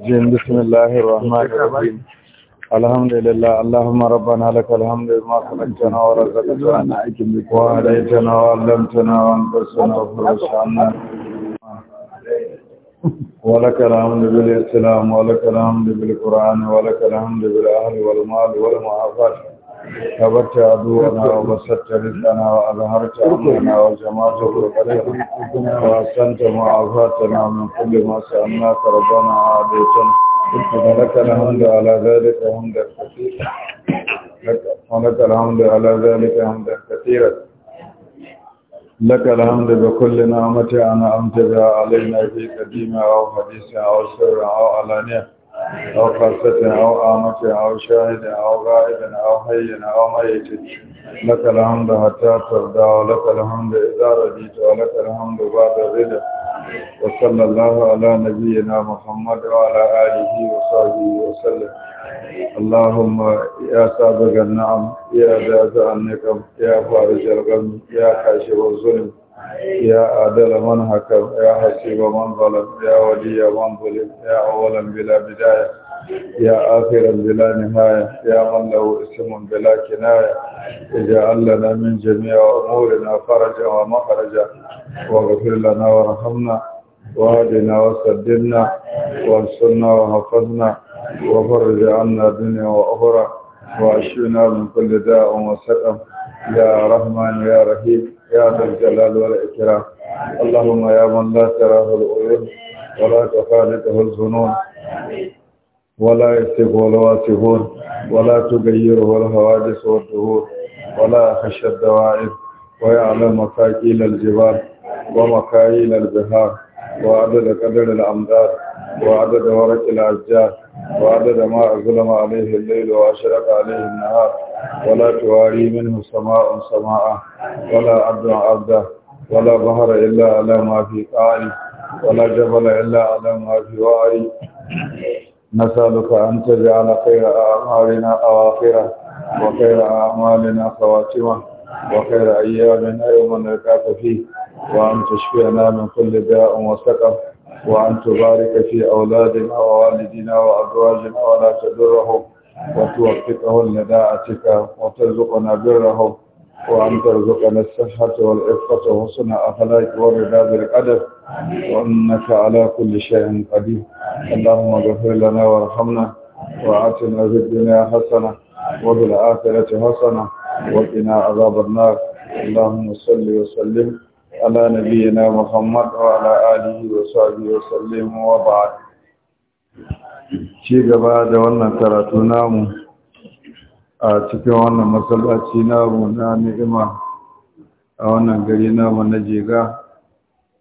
الرجيم بسم الله الرحمن الرحيم الحمد لله اللهم ربنا لك الحمد ما خلقتنا ورزقتنا وهديتنا وعلمتنا وانفسنا وفرج عنا ولك الحمد بالاسلام ولك الحمد بالقران ولك الحمد بالاهل والمال والمعافاه عدونا رزقنا وأظهرت وجمعت وأحسنت معافاتنا من كل ما سألناك ربنا عاديتنا ولك الحمد على ذلك حمدا كثيرا الحمد على ذلك حمدا كثيرا لك الحمد بكل نعمة أنعمت بها علينا في قديمة أو حديثة أو سر أو علانية auch Facetten, auch Armutte, auch Scheide, auch Reiben, auch Heien, auch Heite. Lack alhamd hatat arda, lack alhamd idara jitu, lack alhamd bada rida. Wa sallallahu ala nabiyyina Muhammad wa ala alihi wa sahbihi wa sallam. اللهم يا سابق النعم يا ذا النقم يا فارج الغم يا كاشف الظلم يا عادل من حكم يا حسيب من ظلم يا ولي من ظلم يا أولا بلا بداية يا آخرا بلا نهاية يا من له اسم بلا كناية اجعل لنا من جميع أمورنا فرجا ومخرجا واغفر لنا ورحمنا وهدنا وسددنا وانصرنا وحفظنا وفرج عنا دنيا وأخرى وعشونا من كل داء وسقم يا رحمن يا رحيم يا ذا الجلال والإكرام اللهم يا من لا تراه العيون ولا تخالطه الظنون ولا يكتبه الواسفون ولا تغيره الحوادث والدهور ولا خش الدوائر ويعلم مكاكيل الجبال ومكاييل البهار وعدد قدر الأمداد وعدد ورق الأشجار وعدد ما ظلم عليه الليل وأشرق عليه النهار ولا تواري منه سماء سماء ولا عبد عبدا ولا بحر إلا على ما في قاري ولا جبل إلا على ما في وعي نسألك أن تجعل خير أعمالنا أواخرة وخير أعمالنا خواتمة وخير أيامنا يوم نلقاك فيه وأن تشفينا من كل داء وسقم وأن تبارك في أولادنا ووالدنا وأزواجنا ولا تضرهم وتوفقهم لداعتك وترزقنا برهم وأن ترزقنا الصحة والعفة وحسن أخلاق والرضا بالقدر وأنك على كل شيء قدير اللهم اغفر لنا وارحمنا وآتنا في الدنيا حسنة وفي الآخرة حسنة وقنا عذاب النار اللهم صل وسلم على نبينا محمد وعلى آله وصحبه وسلم وبعد ci gaba da wannan karatu namu a cikin wannan masallaci namu na ni'ima a wannan gari namu na jega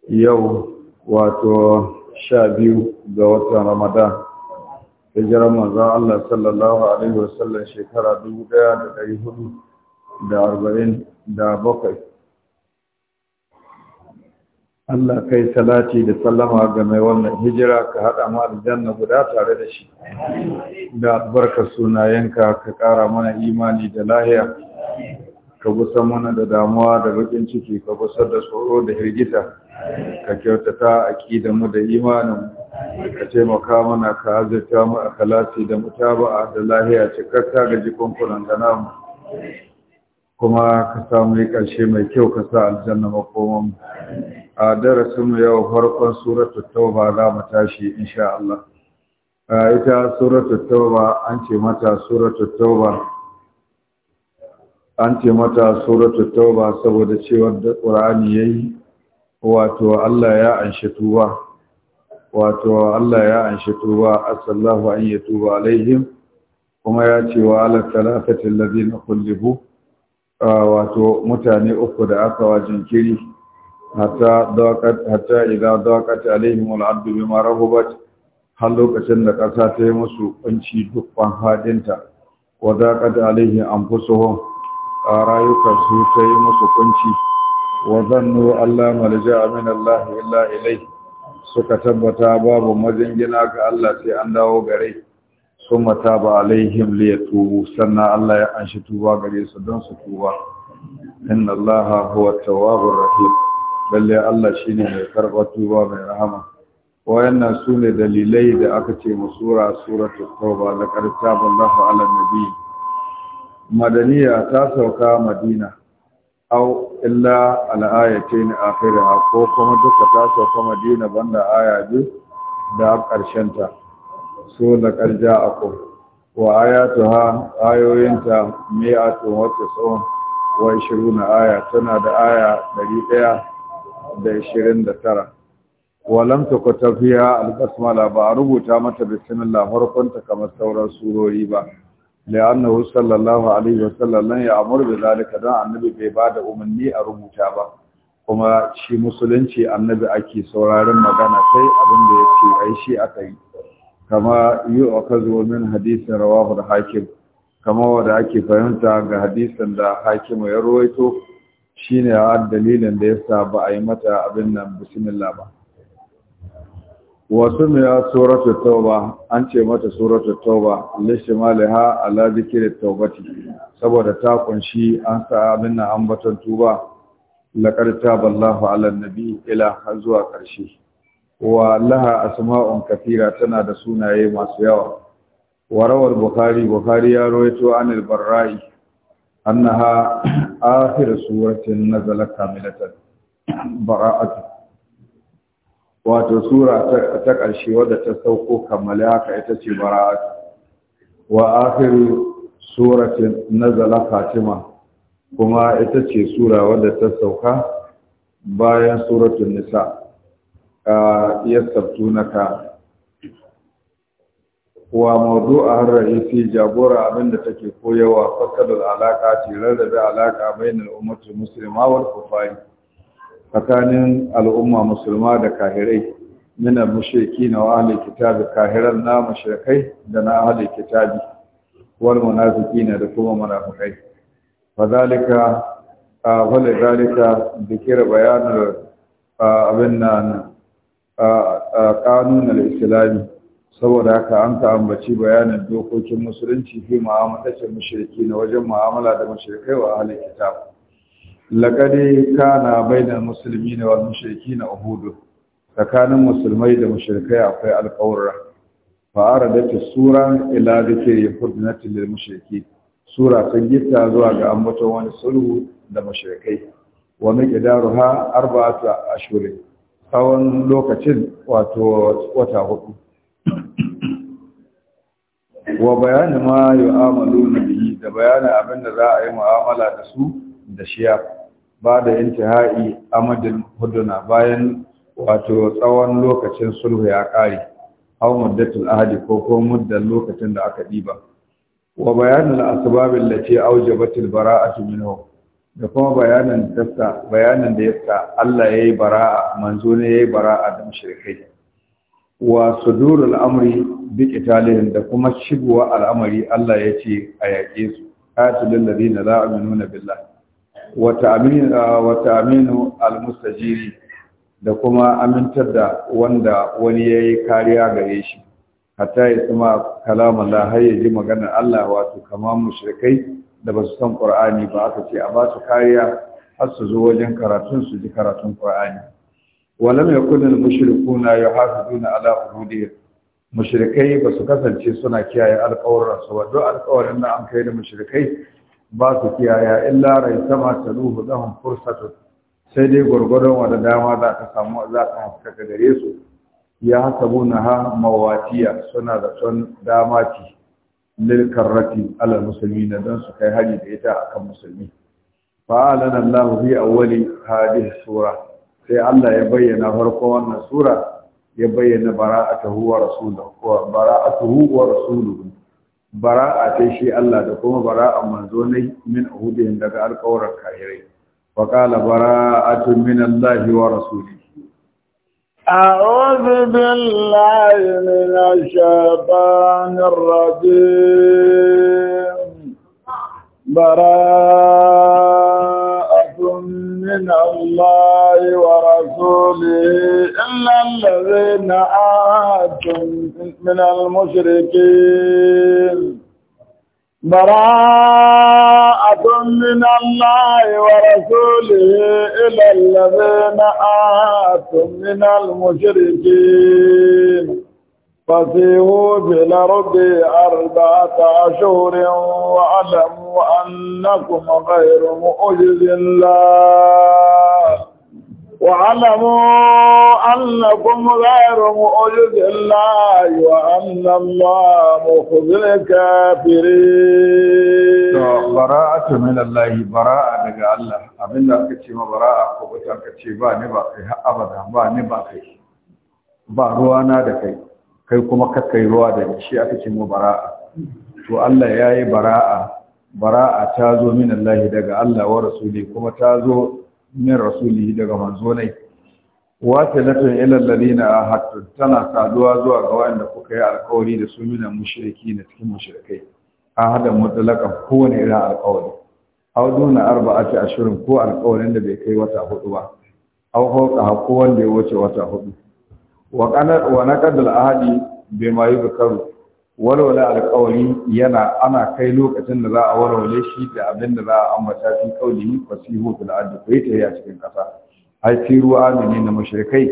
yau wato sha biyu ga watan ramadan hijirar manzan Allah sallallahu alaihi wasallam shekara dubu ɗaya da ɗari hudu da arba'in da bakwai Allah kai salati da sallama ga mai wannan hijira ka haɗa mu aljanna guda tare da shi da barka sunayenka ka kara mana imani da lahiya ka gusa mana da damuwa da bakin ciki ka gusa da tsoro da hirgita ka kyautata aƙida mu da imanin ka taimaka mana ka azurta mu a kalati da mutaba'a da lahiya cikakka ga kunan da namu kuma ka samu ƙarshe mai kyau ka sa aljanna mu. a darasinmu yau farkon suratu tauba za mu tashi insha Allah ita suratu tauba an ce mata suratu tauba an ce mata suratu tauba saboda cewar da qur'ani yayi wato Allah ya anshi tuba wato Allah ya anshi tuba asallahu an yatuba alaihim kuma ya ce wa ala talatatil ladina kullibu wato mutane uku da aka wa jinkiri hatta idan hatta idza daqat alaihim al bima rahubat har lokacin da ƙasa ta yi musu ƙunci duk dukkan hadinta wa daqat alaihim anfusuhum rayukan su ta yi musu ƙunci, wa zannu allah malja'a min Allah illa ilai suka tabbata babu majingina ga Allah sai an dawo gare sun mata ba alaihim li yatubu sannan Allah ya anshi tuba gare su don su tuba inna Allah huwa tawwabur rahim lalle Allah shi ne mai karɓar tuba mai rahama wayannan su ne dalilai da aka ce mu sura suratul tauba da karshe Allahu ala nabi madaniya ta sauka madina au illa a ayatin akhiraha ko kuma duka ta sauka madina banda aya biyu da ƙarshenta ta so da karja akum wa ha ayoyinta mi'atun wa tis'un wa 20 aya tana da aya ɗari ɗaya. da ishirin da tara walam ta tafiya fiya albasmala ba a rubuta mata bismillah farkonta kamar sauran surori ba li'annahu sallallahu alaihi wa sallam lan amur bi zalika dan annabi bai ba da umarni a rubuta ba kuma shi musulunci annabi ake sauraron magana kai abin da yake ai shi aka yi kama yu'akazu min hadisin rawahu al-hakim kama wanda ake fahimta ga hadisin da hakimu ya ruwaito Shi ne a dalilin da ya sa ba a yi mata abin nan bismillah ba wasu mai suratu tauba an ce mata suratu tauba lishimaliha ala zikri taubati saboda ta kunshi an sa abin nan ambaton tuba ta Ballahu ala nabi ila zuwa ƙarshe. wa laha asma'un kafira tana da sunaye masu yawa warawar bukhari bukhari ya roito anil barra'i annaha akhir suratin nazala kamilatan bara'atu wato sura ta ƙarshe wadda ta sauko kammala haka ita ce bara'at wa akhiru suratin nazala fatima kuma ita ce sura wadda ta sauka bayan suratun nisa iya ya ka. wa mawdu'ar rahisi jagora abinda take koyawa fasadul alaka ce rarrabe alaka bainal ummati muslima wal kufari tsakanin al'umma musulma da kahirai min al na wa ahli kitabi kahiran na mushrikai da na ahli kitabi wal na da kuma munafikai fadalika wala dalika dikira bayanar abin nan kanun kanunan islami saboda haka an ka ambaci bayanin dokokin musulunci fi mu'amalatin mashirki na wajen mu'amala da mashirkai wa ka kitab laqad kana ne wa mashirki na Uhudu. tsakanin musulmai da mashirkai akwai fa'ara da aradat sura ila dhikri na lil mashirki sura ta gita zuwa ga ambaton wani sulhu da Wani wa miqdaruha arba'atu ashirin tsawon lokacin wato wata hudu wa bayani ma na bihi da bayanin abinda za a yi mu'amala da su da shiya ba da intihai amadin huduna bayan wato tsawon lokacin sulhu ya kare aw muddatul Ahadi ko ko muddan lokacin da aka diba wa bayanin asbab allati awjabat al bara'atu minhu da kuma bayanin da bayanin da yasa Allah yayi bara'a manzo ne yayi bara'a da mushrikai wa sudurul amri bi qitalihim da kuma shigowa al'amari Allah ya ce a yaƙe su qatilul ladina la aminuna billah wa ta'minu wa ta'minu al-mustajiri da kuma amintar da wanda wani yayi kariya gare shi hatta ya kuma kalamun la har ya ji maganar Allah wato kama mushrikai da ba su san Qur'ani ba aka ce a ba su kariya har su zo wajen karatun su ji karatun Qur'ani walam yakun al mushrikuna yuhafizuna ala urudihim mushrikai ba su kasance suna kiyaye alƙawarin ba duk da an kai da mushrikai ba su kiyaye illa rai sama taluhu lahum fursatun sai dai gwargwadon da dama za ka samu za ka haskaka gare su ya hasabu ha mawatiya suna da son dama ci lilkarrati ala musulmi na don su kai hari da ita akan musulmi fa'alana Allah fi awwali hadhihi sura sai Allah ya bayyana farko wannan sura ya bayyana bara'atuhu wa rasuluhu bara'atuhu wa rasuluhu bara'a ta shi Allah da kuma bara'an manzo ne min ahudin daga alƙawarar kahirai wa qala bara'atun min Allah wa rasulihi أعوذ بالله من الشيطان الرجيم براءة من الله ورسوله إلا الذين آتوا من المشركين براءة من الله ورسوله إلى الذين آتوا من المشركين فسيروا في الأرض أربعة أشهر واعلموا أنكم غير مؤجز الله واعلموا أنكم غير مؤجز الله وأن الله مخزي الكافرين براءة من الله براءة لك الله abinda aka ce براءة bara'a ko ba aka ce ba ni ba kai har kai kuma kakkai ruwa da shi aka ce mu bara'a to Allah ya yi bara'a bara'a ta zo min Allah daga Allah wa rasuli kuma ta zo min rasuli daga manzo ne wasilatun ila alladhina ahattu tana saduwa zuwa ga wanda kuka yi alƙawari da su min mushriki na cikin mushrikai ahada mutlaqan kowane irin alkawari aw duna arba'ati ashhurin ko alƙawarin da bai kai wata hudu ba aw ko wanda ya wuce wata hudu wa na wa naqad al ahadi bima yuzkaru walwala alƙawari yana ana kai lokacin da za a walwale shi da abin da za a ambata fi qawli fasihu da ard ko ita a cikin kasa ai fi ruwa amini na mushrikai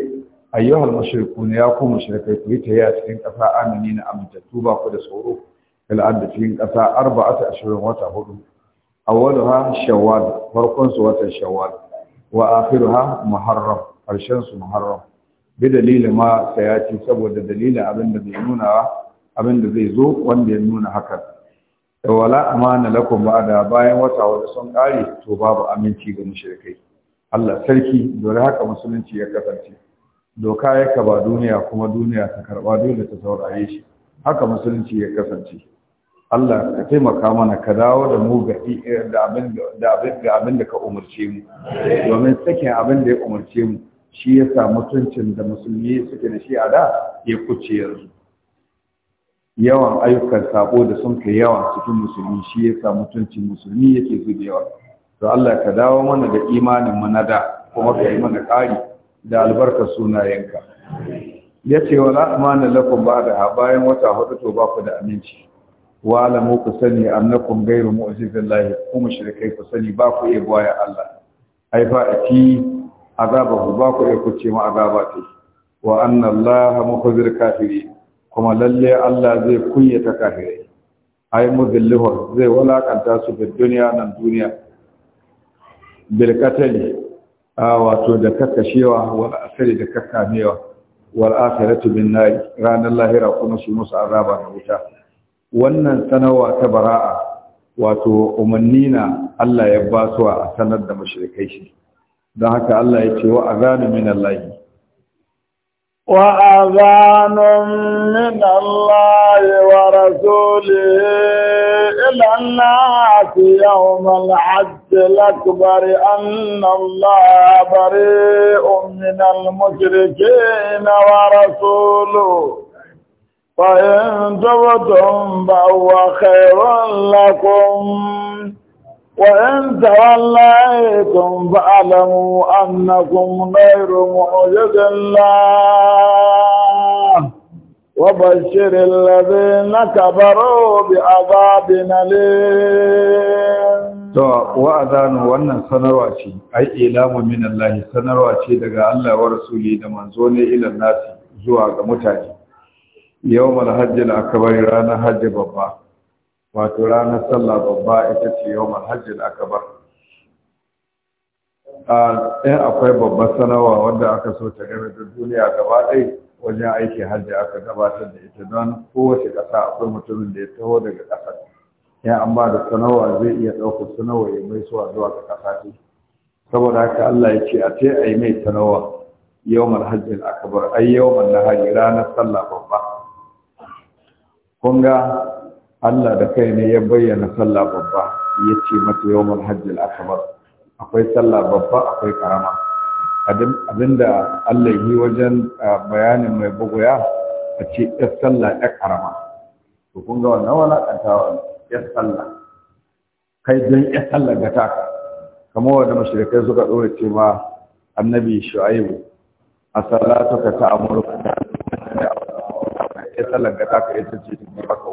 ayyuhal mushrikun ya ku mushrikai ku ita a cikin kasa amini na amintattu ba ko da tsoro fil ard cikin kasa arba'ata ashirin wata hudu awwaluha shawwal farkon su watan shawwal wa akhiruha muharram karshen su muharram bi dalili ma sayati saboda dalilin abin da zai nuna abin da zai zo wanda ya nuna hakan da wala amana lakum ba'da bayan wata wata sun kare to babu aminci ga mushrikai Allah sarki dole haka musulunci ya kasance doka ya kaba duniya kuma duniya ta karba dole ta saurare shi haka musulunci ya kasance Allah ka taimaka mana ka dawo da mu ga da abin da abin da ka umurce mu domin sakin abin da ya umarce mu shi ya sa mutuncin da musulmi suke da shi a da ya kuce yanzu yawan ayyukan sabo da sun kai yawa cikin musulmi shi ya sa mutuncin musulmi yake yawa. to Allah ka dawo mana da imanin mu na da kuma ka yi mana ƙari da albarkar sunayenka ya ce wa la'amana lakum ba da bayan wata hudu to ba ku da aminci wa alamu ku sani annakum ghayru mu'jizillahi kuma shirkai ku sani ba ku iya baya Allah ai fa ati azabahu ba ku iya kuce ma azaba ta wa anna allaha mukhzir kafiri kuma lalle Allah zai kunyata kafirai ai muzilluhu zai walakanta su fi duniya nan duniya bil a wato da kakkashewa wal asari da kakkamewa wal akhiratu bin nar ranar lahira kuma su musu azaba na wuta wannan sanawa ta bara'a wato umanni na Allah ya basuwa a sanar da mashirikai shi don haka Allah ya ce wa azanu min Allah wa azanu min Allah wa rasulihi ila an-nas yawm al-hajj al-akbar anna Allah bari'un min al-mushrikeen wa rasuluhu فإن تبتم فهو خير وإن توليتم فاعلموا أنكم غير معجز الله وبشر الذين كفروا بعذاب أليم to wa'azanu wannan sanarwa ce ai ilamu min Allah sanarwa ce daga Allah wa rasuli da manzo ne ilan nasi zuwa ga mutane yawmal hajjil akbar ranar hajji babba wato ranar sallah babba ita ce yawon hajjin akabar in akwai babbar sanarwa wanda aka so ta game da duniya gaba ɗai wajen aiki hajji aka gabatar da ita don kowace ƙasa akwai mutumin da ya taho daga ƙasar ya an ba da sanarwa zai iya ɗaukar sanarwa ya mai suwa zuwa ga ƙasa ce saboda haka Allah ya ce a ce a yi mai sanarwa yawmar hajjin akabar ai na nahari ranar sallah babba kun ga Allah da kai ne ya bayyana sallah babba ya ce mata yawmul hajjil akbar akwai sallah babba akwai karama abinda Allah yi wajen bayanin mai bugoya a ce ya sallah ya karama to kun ga wannan wala kantawa ya sallah kai don ya sallah ga taka kamar wanda mashirikai suka dore cewa ma annabi shu'aibu a salatuka ta amurka ya sallah ga taka ita ce ta baka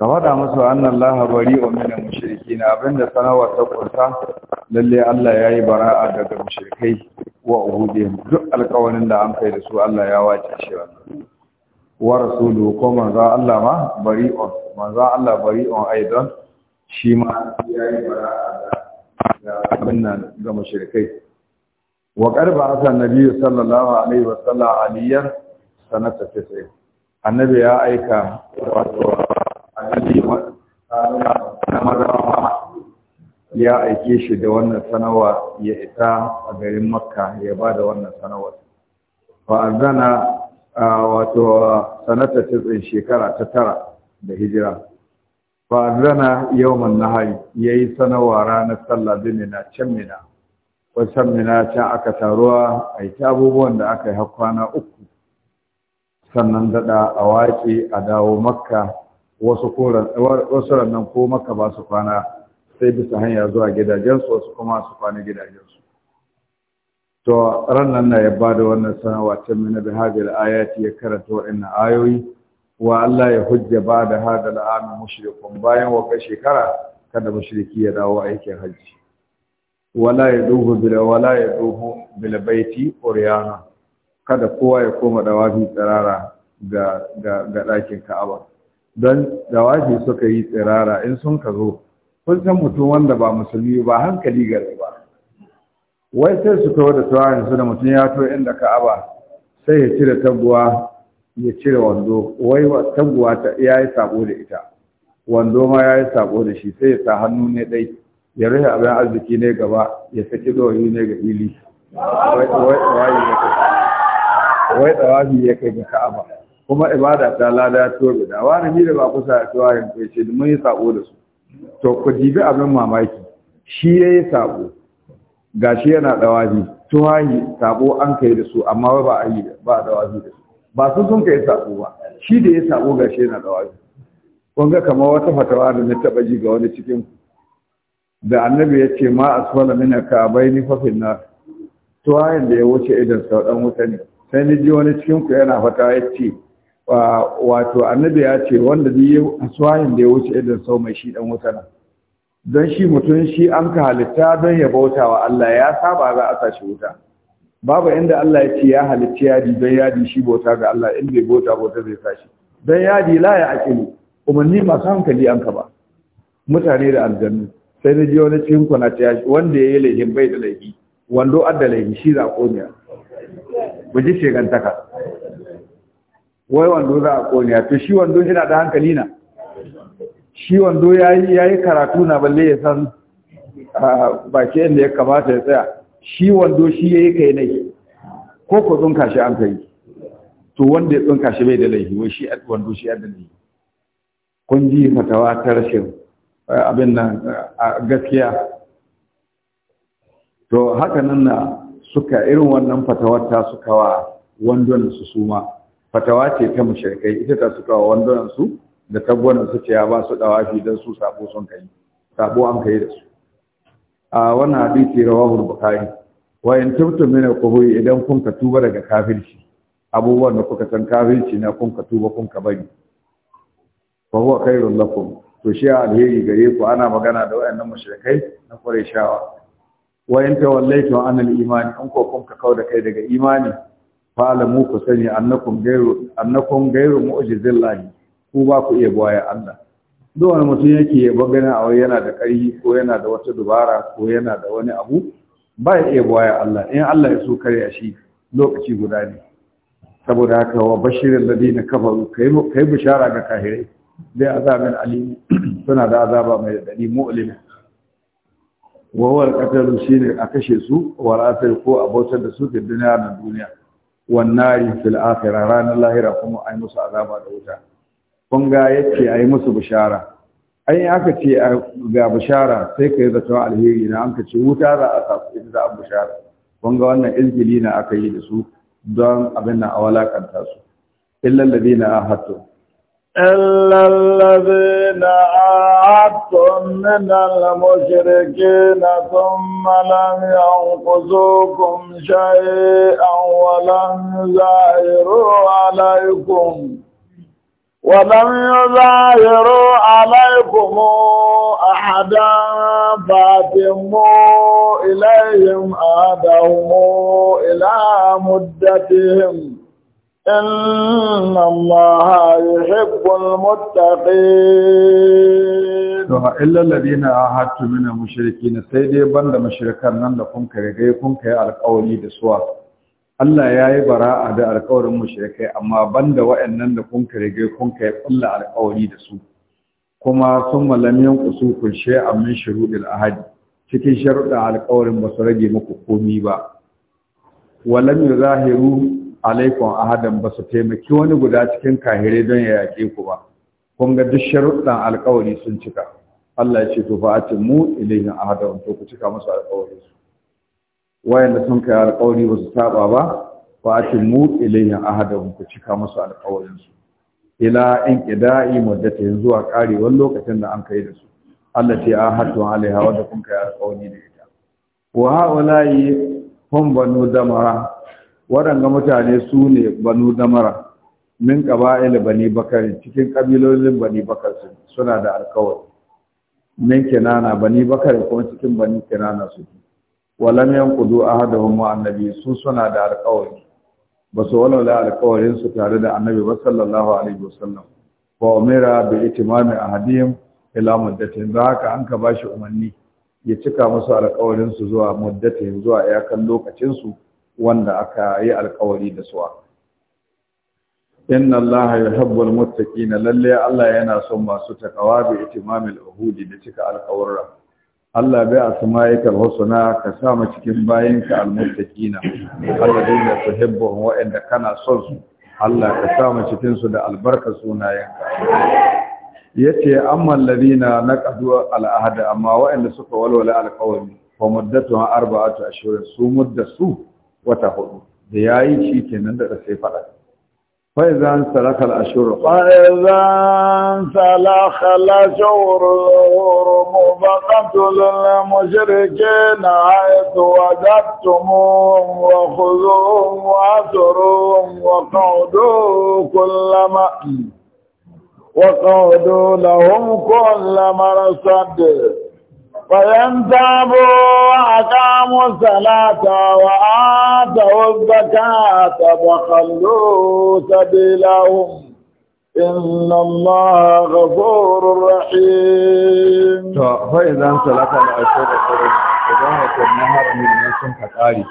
ka faɗa musu annan laha bari wa mina mushriki na abinda sanarwa ta kunsa lalle Allah ya yi bara'a daga mushrikai wa uhude duk alkawarin da an kai da su Allah ya wace shi wannan wa rasulu ko manza Allah ma bari on manza Allah bari on aidan shi ma ya yi bara'a da abin nan ga mushrikai wa qarba asan nabi sallallahu alaihi wa sallam aliyan sanata 90 annabi ya aika wato ya aike shi da wannan sanawa ya isa a garin makka ya ba da wannan sanawar zana a wato sanata tsin shekara ta tara da hijira Ba fa na yawman nahari yi sanawa ranar sallah na can mina wasan mina can aka taruwa a yi abubuwan da aka yi kwana uku sannan daɗa a waƙi a dawo makka wasu koran wasu rannan ko maka ba su kwana sai bisa hanya zuwa gidajensu wasu kuma su kwana gidajensu to rannan na ya bada wannan sanarwa ta mina bi hajjar ayati ya karanta wa'annan ayoyi wa Allah ya hujja ba da hajjar amin mushrikun bayan wata shekara kada mushriki ya dawo aikin hajji wala ya duhu bila wala kada kowa ya koma dawafi tsirara ga ɗakin Ka'aba don dawafi suka yi tsirara in sun ka zo kun san mutum wanda ba musulmi ba hankali gare ba wai sai su kawo da tsawon su da mutum ya to inda ka'aba sai ya cire taguwa ya cire wando wai taguwa ta ya yi sabo da ita wando ma ya yi sabo da shi sai ya sa hannu ne dai ya rufe abin arziki ne gaba ya saki doyi ne ga ili. wai tsawabi ya kai ga ka'aba kuma ibada ta lada to da wani ni da ba kusa cewa yin ko ce mun yi sako da su to ku dibi abin mamaki shi yayi sako gashi yana to hayi sako an kai da su amma ba a yi ba dawahi da su ba sun sun kai sako ba shi da ya sako gashi yana dawahi kun ga kamar wata fatawa da na taba ji ga wani cikin da annabi ya ce ma asfala mina ka baini fa finna tuhahin da ya wuce idan sau dan wuta ne sai ni ji wani cikin ku yana fata ya ce wato annabi ya ce wanda zai yi aswahin da ya wuce idan sau mai shi dan wuta nan don shi mutum shi an ka halitta don ya bauta wa Allah ya saba za a sashi wuta babu inda Allah ya ce ya halitta yadi don yadi shi bauta ga Allah in bai bauta bauta zai sashi don yadi la ya akilu umarni masu hankali an ka ba mutane da aljannu sai na ji wani cikin kuna ta wanda ya yi laifin bai da laifi wando adda laifi shi za a komiya mu ji shegantaka wai wando za a kone to shi wando yana da hankali na shi wando ya yi karatu na balle ya san baki yadda ya kamata ya tsaya shi wando shi ya yi kai nai ko ko tsunka shi an kai to wanda ya tsunka shi bai da laifi wai shi wando shi yadda laifi kun ji fatawa ta rashin abin nan a gaskiya to haka nan na suka irin wannan fatawar ta suka wa wandon su suma fatawa ce ta mushrikai ita ta suka wa wandunan su da tabbonan su ce ya ba su dawafi dan su sabo sun kai sabo an kai da su a wannan hadisi rawahu bukhari wa in tubtu min al idan kun ka tuba daga kafirci abubuwan da kuka san kafirci na kun ka tuba kun ka bari fa huwa khairul lakum to shi alheri gare ku ana magana da wayannan mushrikai na kwarai wa in tawallaytu an al-iman in ko kun ka kauda kai daga imani fala mu ku sani annakum gairu annakum gairu lahi, ku ba ku iya baya Allah duk wani mutum yake ya bagana a yana da ƙarfi ko yana da wata dubara ko yana da wani abu ba ya iya baya Allah in Allah ya so karya shi lokaci guda ne saboda haka wa bashirin ladina kafaru kai bishara ga kahirai dai azabin alimi suna da azaba mai dadi mu'lima wa huwa al shine a kashe su wa ko ko bautar da su da duniya na duniya wannari fil akhirah ranar lahira kuma ai musu azaba da wuta kun ga yace ai musu bishara ai aka ce ga bishara sai kai zaton alheri na an ka ce wuta za a sa su da bishara kun ga wannan izgili na aka yi da su don abin nan a walakanta su illa ladina ahatu إلا الذين عاهدتم من المشركين ثم لم ينقذوكم شيئا ولم يزاهروا عليكم ولم يظاهروا عليكم أحدا فاتموا إليهم أهدهم إلى مدتهم إن الله يحب المتقين to na alladhina ahadtu min al-mushrikeen sai dai banda mushrikan nan da kun kare gai kun kai alƙawari da suwa Allah yayi bara'a da alƙawarin mushrikai amma banda waɗannan da kun kare gai kun kai kulla alƙawari da su kuma sun malamiyan kusu kun a min shuruɗil ahadi cikin sharuɗa alƙawarin ba su rage muku komi ba walam zahiru alaikum ahadan ba su taimaki wani guda cikin kahire don ya yaƙe ku ba kun ga duk sharuɗan alƙawari sun cika Allah ya ce to fa atimu a ahadan to ku cika musu alƙawari su wayanda sun kai alƙawari ba su saba ba fa atimu ilayhim ahadan ku cika musu alƙawarin su ila in qida'i muddatihin zuwa karewar lokacin da an kai da su Allah ce ahadu alaiha wanda kun kai alƙawari da ita wa haula'i hum banu damara waɗanga mutane su ne banu damara min ƙaba'il bani bakari cikin ƙabilolin bani bakar suna da alkawari min kinana bani bakari kuma cikin bani kinana su walam a ahaduhum wa annabi su suna da alkawari ba su walwala alkawarin su tare da annabi ba sallallahu alaihi wasallam wa umira bi itimami ahadihim ila muddatin da haka an ka bashi umarni ya cika musu alkawarin su zuwa muddatin zuwa iyakan lokacin su wanda aka yi alkawari da suwa inna allaha yuhibbul na lalle Allah yana son masu takawa bi itimamil uhudi da cika alkawarra Allah bai asma'ikal husna ka sa mu cikin bayinka almuttaqina alladheena tuhibbuhum wa inda kana son su Allah ka sa cikin su da albarka sunayenka yace amma na naqadu al'ada, amma wa'anda suka walwala alqawmi fa muddatuha arba'atu ashhur su wata hudu da yayi shi kenan da sai fada فإذا انسلخ الأشهر فإذا انسلخ الأشهر الغرم فقتلوا المشركين حيث وجدتموهم وخذوهم وأسروهم وقعدوا كل ما وقعدوا لهم كل مرصد فإن تابوا وأقاموا الصلاة وآتوا الزكاة فخلوا سبيلهم إن الله غفور رحيم فإذا صلاة العشر الفرد إذا كان نهر من نسم كتاري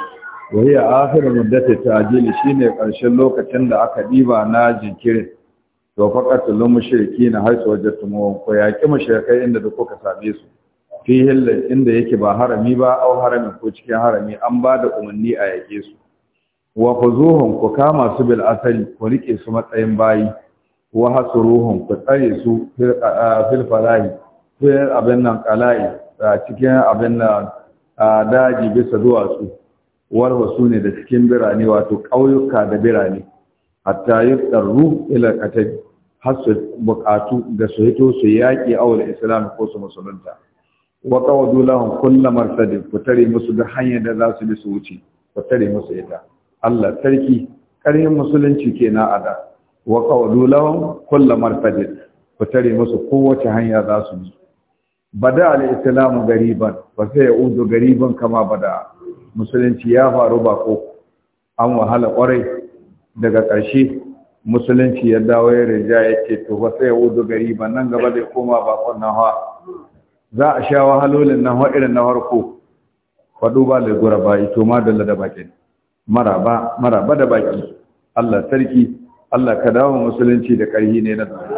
وهي آخر مدة التعجيل شيني قرشن لوكا تند أكاديبا ناجن كيرين to faƙatulun mashirki na haisu wajen tumo ko yaƙi mashirkai inda da kuka same su fi inda yake ba harami ba au haramin ko cikin harami an ba da umarni a yake su wa khuzuhum ku kama su bil asali ku rike su matsayin bayi wa ruhun ku tsare su fil falahi fil abin nan a cikin abin nan daji bisa zuwa duwatsu wal ne da cikin birane wato ƙauyuka da birane hatta yuqarru ila qatabi hasu bukatu da su hito su yaƙi awul islam ko su musulunta wa qawdu lahum kullu ku tare musu da hanyar da za su bi su wuce ku tare musu ita Allah sarki karin musulunci na a da wa qawdu lahum kullu ku tare musu kowace hanya za su bi bada al-islamu gariban ba sai ya udu gariban kama bada musulunci ya faru ba ko an wahala kwarai daga ƙarshe musulunci ya dawo ya rija ya ce to ba sai ya udu gari nan gaba zai koma bakon na hawa za a sha wahalolin nan irin na farko faɗo ba da gura ba ito ma dalla da baƙi maraba maraba da baƙi Allah sarki Allah ka dawo musulunci da ƙarhi ne na zama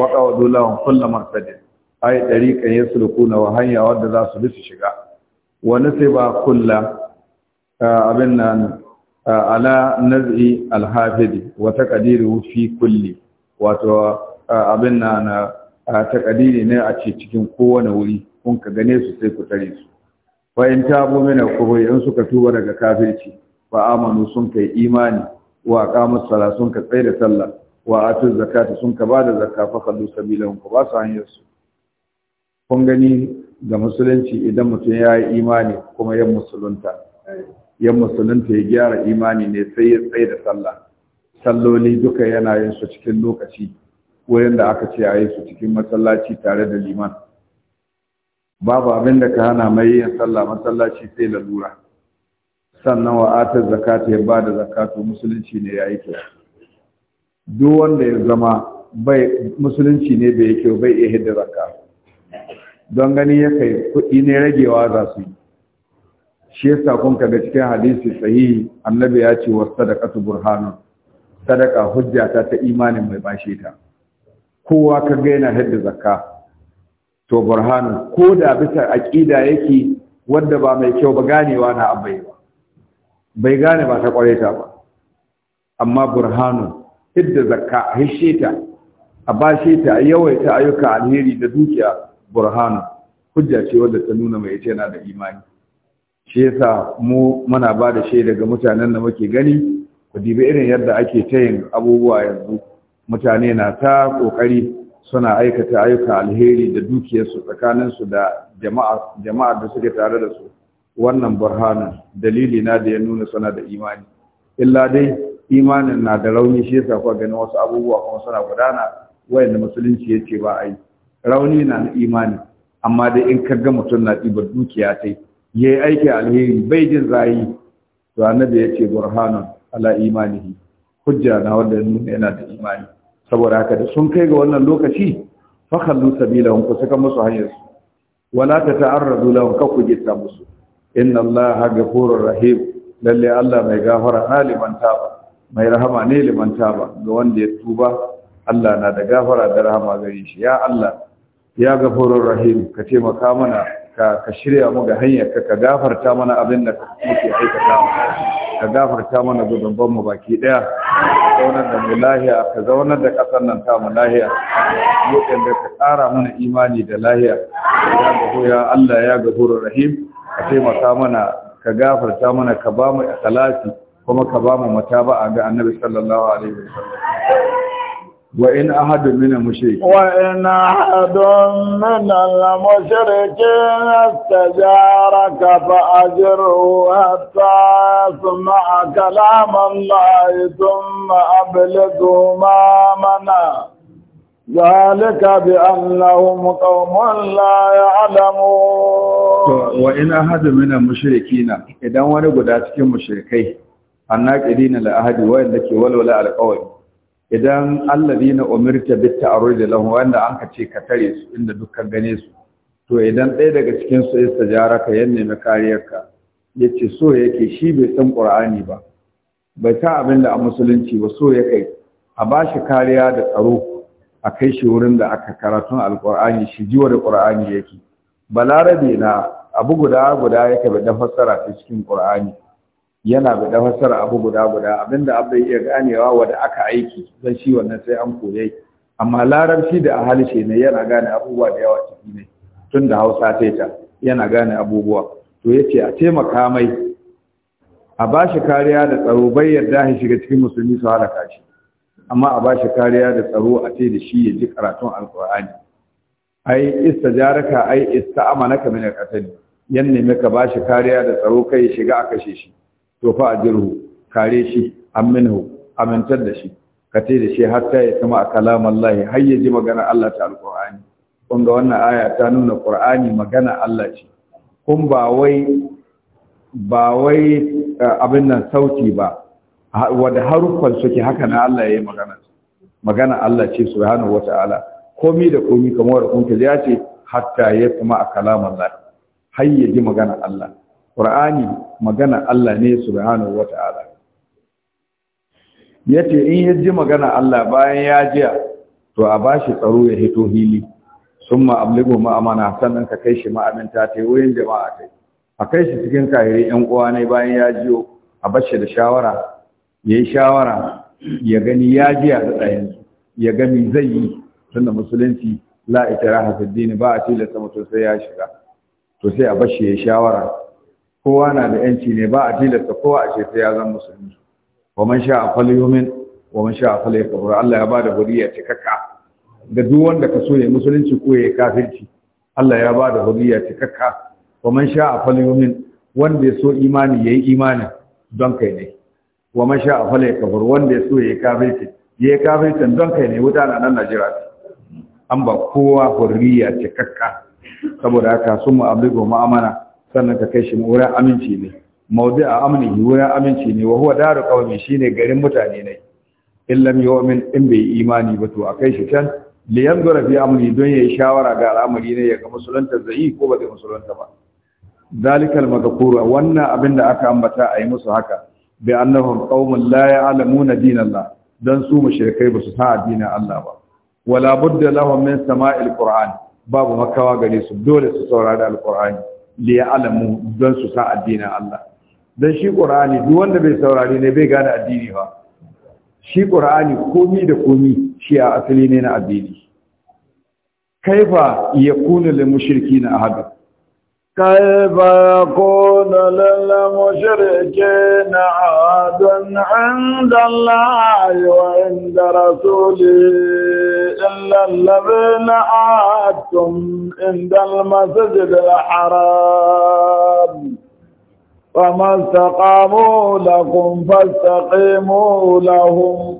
wa qawdu lahum kullu marsadin ay dariqan yasluquna wa hanya wadda za su bisu shiga. shiga wa nasiba kulla abin nan ala naz'i alhafidi wa taqdiru fi kulli wato abin nan a takadiri ne a ce cikin kowane wuri kun ka gane su sai ku tare su fa in tabu min in suka tuba daga kafirci fa amanu sun kai imani wa aqamu sala sun ka tsaye da sallah wa atu zakata sun ka bada zakka fa khallu sabilahum ku ba su hanyar su kun gani ga musulunci idan mutum ya yi imani kuma yan musulunta yan musulunta ya gyara imani ne sai ya tsaye da sallah salloli duka yana yin su cikin lokaci wurin da aka ce a yi su cikin masallaci tare da liman babu abin da ka hana mai yin sallah masallaci sai lalura sannan wa ata zakata ya ba da zakatu musulunci ne ya yi duk wanda ya zama bai musulunci ne bai yake kyau bai iya hidda zakka don gani ya kai kuɗi ne ragewa za su yi shi yasa kun kaga cikin hadisi sahihi annabi ya ce wasu sadaqatu burhanun sadaka hujja ta ta imanin mai bashe ta kowa ka ga yana hidda zakka to burhanu ko da bisa aqida yake wanda ba mai kyau ba ganewa na abai ba bai gane ba ta kwareta ba amma burhanu hidda zakka a hishe ta a bashe ta a yawaita ayyuka alheri da dukiya burhanu hujja ce wadda ta nuna mai ita yana da imani shi yasa mu muna ba da shaida ga mutanen da muke gani ku dibi irin yadda ake tayin abubuwa yanzu mutane na ta kokari suna aikata ayyuka alheri da dukiyarsu tsakaninsu da jama'a da suke tare da su wannan burhanin dalili na da ya nuna suna da imani illa dai imanin na da rauni shi yasa kuwa ganin wasu abubuwa kuma suna gudana wayanda musulunci ya ce ba a yi rauni na na imani amma dai in ka ga mutum na ɗibar dukiya ta ya yi aiki alheri bai jin zayi to annabi ya ce burhanun ala imanihi hujja na wanda nuna yana da imani saboda haka da sun kai ga wannan lokaci fa khallu sabilahum ku saka musu hanyar su wala ta ta'arradu lahum ka ku gitta musu inna allaha ghafurur rahim lalle allah mai gafara aliman taba mai rahama ne liman taba ga wanda ya tuba allah na da gafara da rahama gare shi ya allah ya ghafurur rahim ka taimaka mana ka shirya mu ga hanyar ka ka gafarta mana abin da muke aikata ka gafarta mana gudunban mu baki daya zaunar da mu lahiya ka zaunar da kasar nan ta mu lahiya mutum da ka tsara mana imani da lahiya ya gaho ya Allah ya gafurur rahim ka taimaka mana ka gafarta mana ka ba mu ikhlasi kuma ka ba mu mutaba'a ga annabi sallallahu alaihi wasallam وإن أحد من المشركين وإن أحد من المشركين استجارك فأجره حتى يسمع كلام الله ثم أبلغه ما منع ذلك بأنهم قوم لا يعلمون وإن أحد من المشركين إذا وانا قد أتكي أنك إدين الأهد وإن لك ولولا القوم idan Allah na umirta bi ta'arrud lahu, wanda anka ce ka tare su inda dukkan gane su to idan ɗaya daga cikin su ya sajara ka yanne na kariyarka yace so yake shi bai san qur'ani ba bai ta abin da a musulunci ba so ya kai a shi kariya da tsaro a kai shi wurin da aka karatun alqur'ani shi jiwa qur'ani yake balarabe na abu guda guda yake da fassara ta cikin qur'ani yana da dafasar abu guda guda abinda abu iya ganewa wadda aka aiki zan shi wannan sai an koyai amma larabci da a halshe ne yana gane abubuwa da yawa ciki ne tun da hausa ta yana gane abubuwa to ya ce a taimaka mai a ba shi kariya da tsaro bai yarda shi shiga cikin musulmi su halaka shi amma a ba shi kariya da tsaro a ce da shi ya ji karatun alkur'ani ai istajaraka ai ista'amanaka min alqatl yan ne ka ba shi kariya da tsaro kai shiga a kashe shi to fa ajiru kare shi aminu amintar da shi ka ce da shi ta yi kama a kalaman Allah har ya ji magana Allah ta alƙur'ani kun ga wannan aya ta nuna ƙur'ani magana Allah ce kun ba wai ba wai eh, abin nan sauti ba wanda haruffan suke haka na Allah ya yi magana magana Allah ce subhanahu wata'ala komi da komi kamar kun ta ce hatta ya a kalaman Allah har ya ji magana Allah qur'ani magana Allah ne subhanahu wata'ala yace in ya ji magana Allah bayan ya jiya to a bashi tsaro ya hito hili summa ablighu ma amana sannan ka kai shi ma aminta ta wurin jama'a kai a kai shi cikin kahiri yan uwa ne bayan ya jiyo a bashi da shawara yayi shawara ya gani ya jiya da ɗayan ya gani zai yi tunda musulunci la itiraha fi ba a tilasta mutum sai ya shiga to sai a bashi ya shawara kowa na da yanci ne ba a tilasta kowa a ce ya zama musulmi wa man sha a falyumin wa man sha a kabura Allah ya bada huriya cikakka ga duk wanda ka so ya musulunci ko ya kafirci Allah ya bada huriya cikakka wa man sha a falyumin wanda ya so imani yayi imani don kai ne wa man sha a kabura wanda ya so ya kafirci ya kafircin don kai ne wuta na nan Najeriya an ba kowa huriya cikakka saboda haka sun mu abligo ma'amana sannan ka kai shi wurin aminci ne a amnihi wurin aminci ne wa huwa daru qaumin shine garin mutane ne illam yu'min in bai imani ba to akai shi can li yanzura fi amri don yayi shawara ga al'amari ne ya ga musulunta zai ko ba zai musulunta ba zalikal magakuru wannan abinda aka ambata ayi musu haka bi annahum qaumun la ya'lamuna dinallah dan su mushrikai ba su sa addinin Allah ba wala budda lahum min sama'il qur'an babu makawa gare su dole su saurari Al-Qur'ani. li alamu don su sa addinin Allah Don shi qur'ani duk wanda bai saurari ne bai gane addini ba shi qur'ani komi da komi shi a asali ne na addini kaifa ya lil mushrikina ahadu na. يكون للمشركين عاد عند wa وعند رسوله إلا الذين عادتم عند المسجد الحرام فما استقاموا لكم فاستقيموا لهم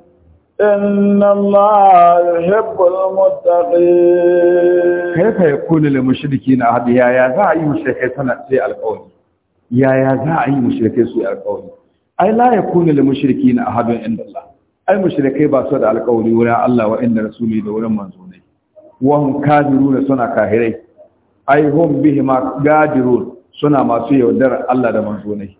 إن الله يحب المتقين كيف يكون للمشركين عهد يا يا زعي مشركي سنة سيء القول يا يا زعي مشركي سوء القول أي لا يكون للمشركين أحد عند الله ai mushrikai ba su da alƙawari wurin Allah wa inda rasuli da wurin manzo ne wa hum suna kahirai ai hum bihima gadirun suna masu yaudar Allah da manzo ne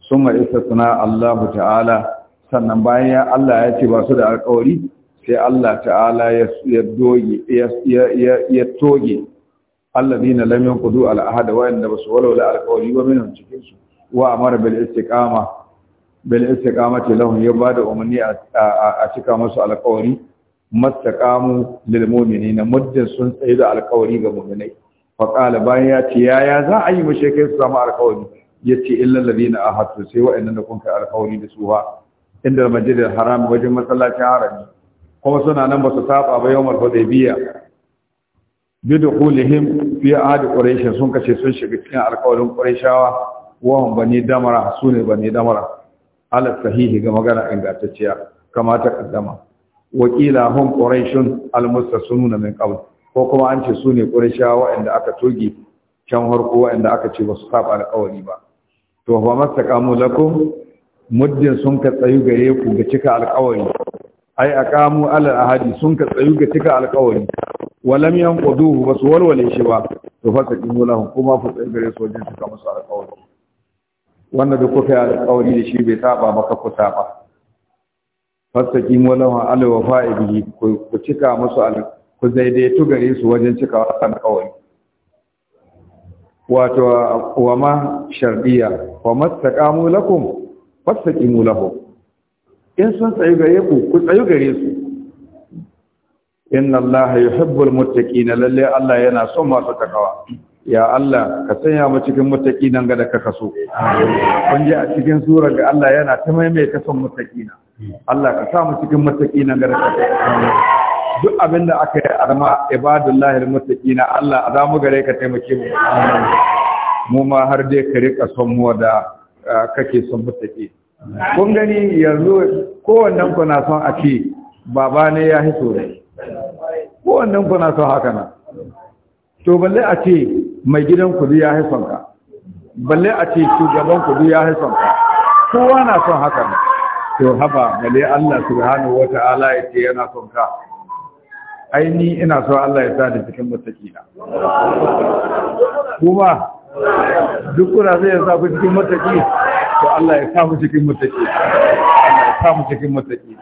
summa istasna Allah ta'ala sannan bayan Allah ya ce ba su da alƙawari sai Allah ta'ala ya doge ya toge alladina lam yanqudu al ahada wa inda basu walau la alqawli wa minhum cikin su wa amara bil istiqama bil istiqamati lahum ya bada umarni a cika musu alƙawari mastaqamu lil mu'minina muddin sun tsaye da alƙawari ga mu'minai fa qala bayan ya ce yaya za a yi mu su samu alƙawari yace illal ladina ahadtu sai wa inna kun ka alƙawari da su ha inda masjidil haram wajen masallacin harami kuma suna nan ba su saba ba yawmar hudaybiya bidukhulihim fi ahad quraish sun kace sun shiga cikin alƙawarin quraishawa wa bani damara sune bani damara ala sahihi ga magana ingantacciya kama ta kaddama wakila hum quraishun almustasununa min qabl ko kuma an ce sune quraishawa waɗanda aka toge can harko waɗanda aka ce basu saba alƙawari ba to fa mastaqamu lakum muddin sun ka tsayu gare ku ga cika alƙawari ai aqamu ala ahadi sun ka tsayu ga cika alƙawari walam yanquduhu basu walwale shi ba to fa taqimu lahum kuma fa tsayu gare su wajen cika musu alƙawari wanda duk kuka yi alƙawari da shi bai saba maka fasta kin fastaki mulawa alawa fa'ibihi ku cika musu al ku zaidaitu gare su wajen cika wannan alƙawari wato wa ma shardiya wa mastaqamu lakum fastaqimu lahu in sun tsayu gare ku ku tsayu gare su inna allaha yuhibbul muttaqin lalle allah yana son masu takawa ya Allah ka sanya mu cikin nan ga da ka kaso kun ji a cikin surar ga Allah yana ta maimaita son na. Allah ka sa mu cikin nan ga da ka kaso duk abin da aka yi arma ibadullahi na Allah a zamu gare ka taimake mu mu ma har dai ka rika son mu da kake son mutaƙi kun gani yanzu kowannen ku na son a ce baba ne ya hito da kowannen ku na son haka na to balle a ce mai gidan kudu ya haifan ka balle a ce shugaban kudu ya haifan ka kowa na son haka ne to haba balle Allah subhanahu wata'ala ya ce yana son ka aini ina so Allah ya sa da cikin mutakila kuma duk kuna zai ya sa ku cikin mutaki to Allah ya sa mu cikin mutaki Allah ya sa mu cikin mutaki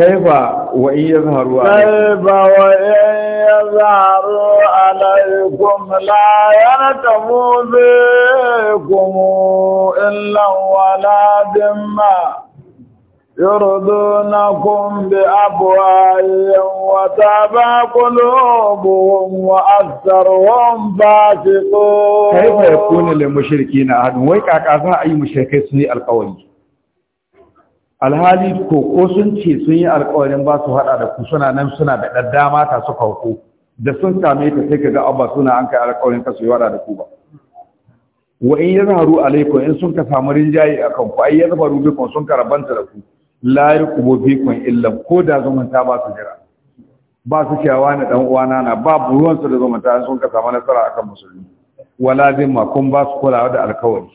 كيف وإن يظهروا كيف وإن يظهروا عليكم لا يرتبوا فيكم إلا ولا ذمة يرضونكم بأبوائهم وتابع قلوبهم وأكثرهم فاسقون كيف يكون للمشركين أحد ويكاك أثناء أي مشركين سني القولي alhali koko sun ce sun yi alƙawarin ba su hada da ku suna nan suna da ɗan ta su farko da sun same ta sai kaga abba suna an kai alƙawarin ka su yi hada da ku ba wa in ya zaharu alaiku in sun ka samu rinjaye akan ku ai ya yazharu bikum sun ka da ku la yarqubu bikon illa ko da zumunta ba su jira ba su cewa na dan uwana na babu su da zumunta sun ka samu nasara akan musulmi wala zimma kun ba su kulawa da alkawari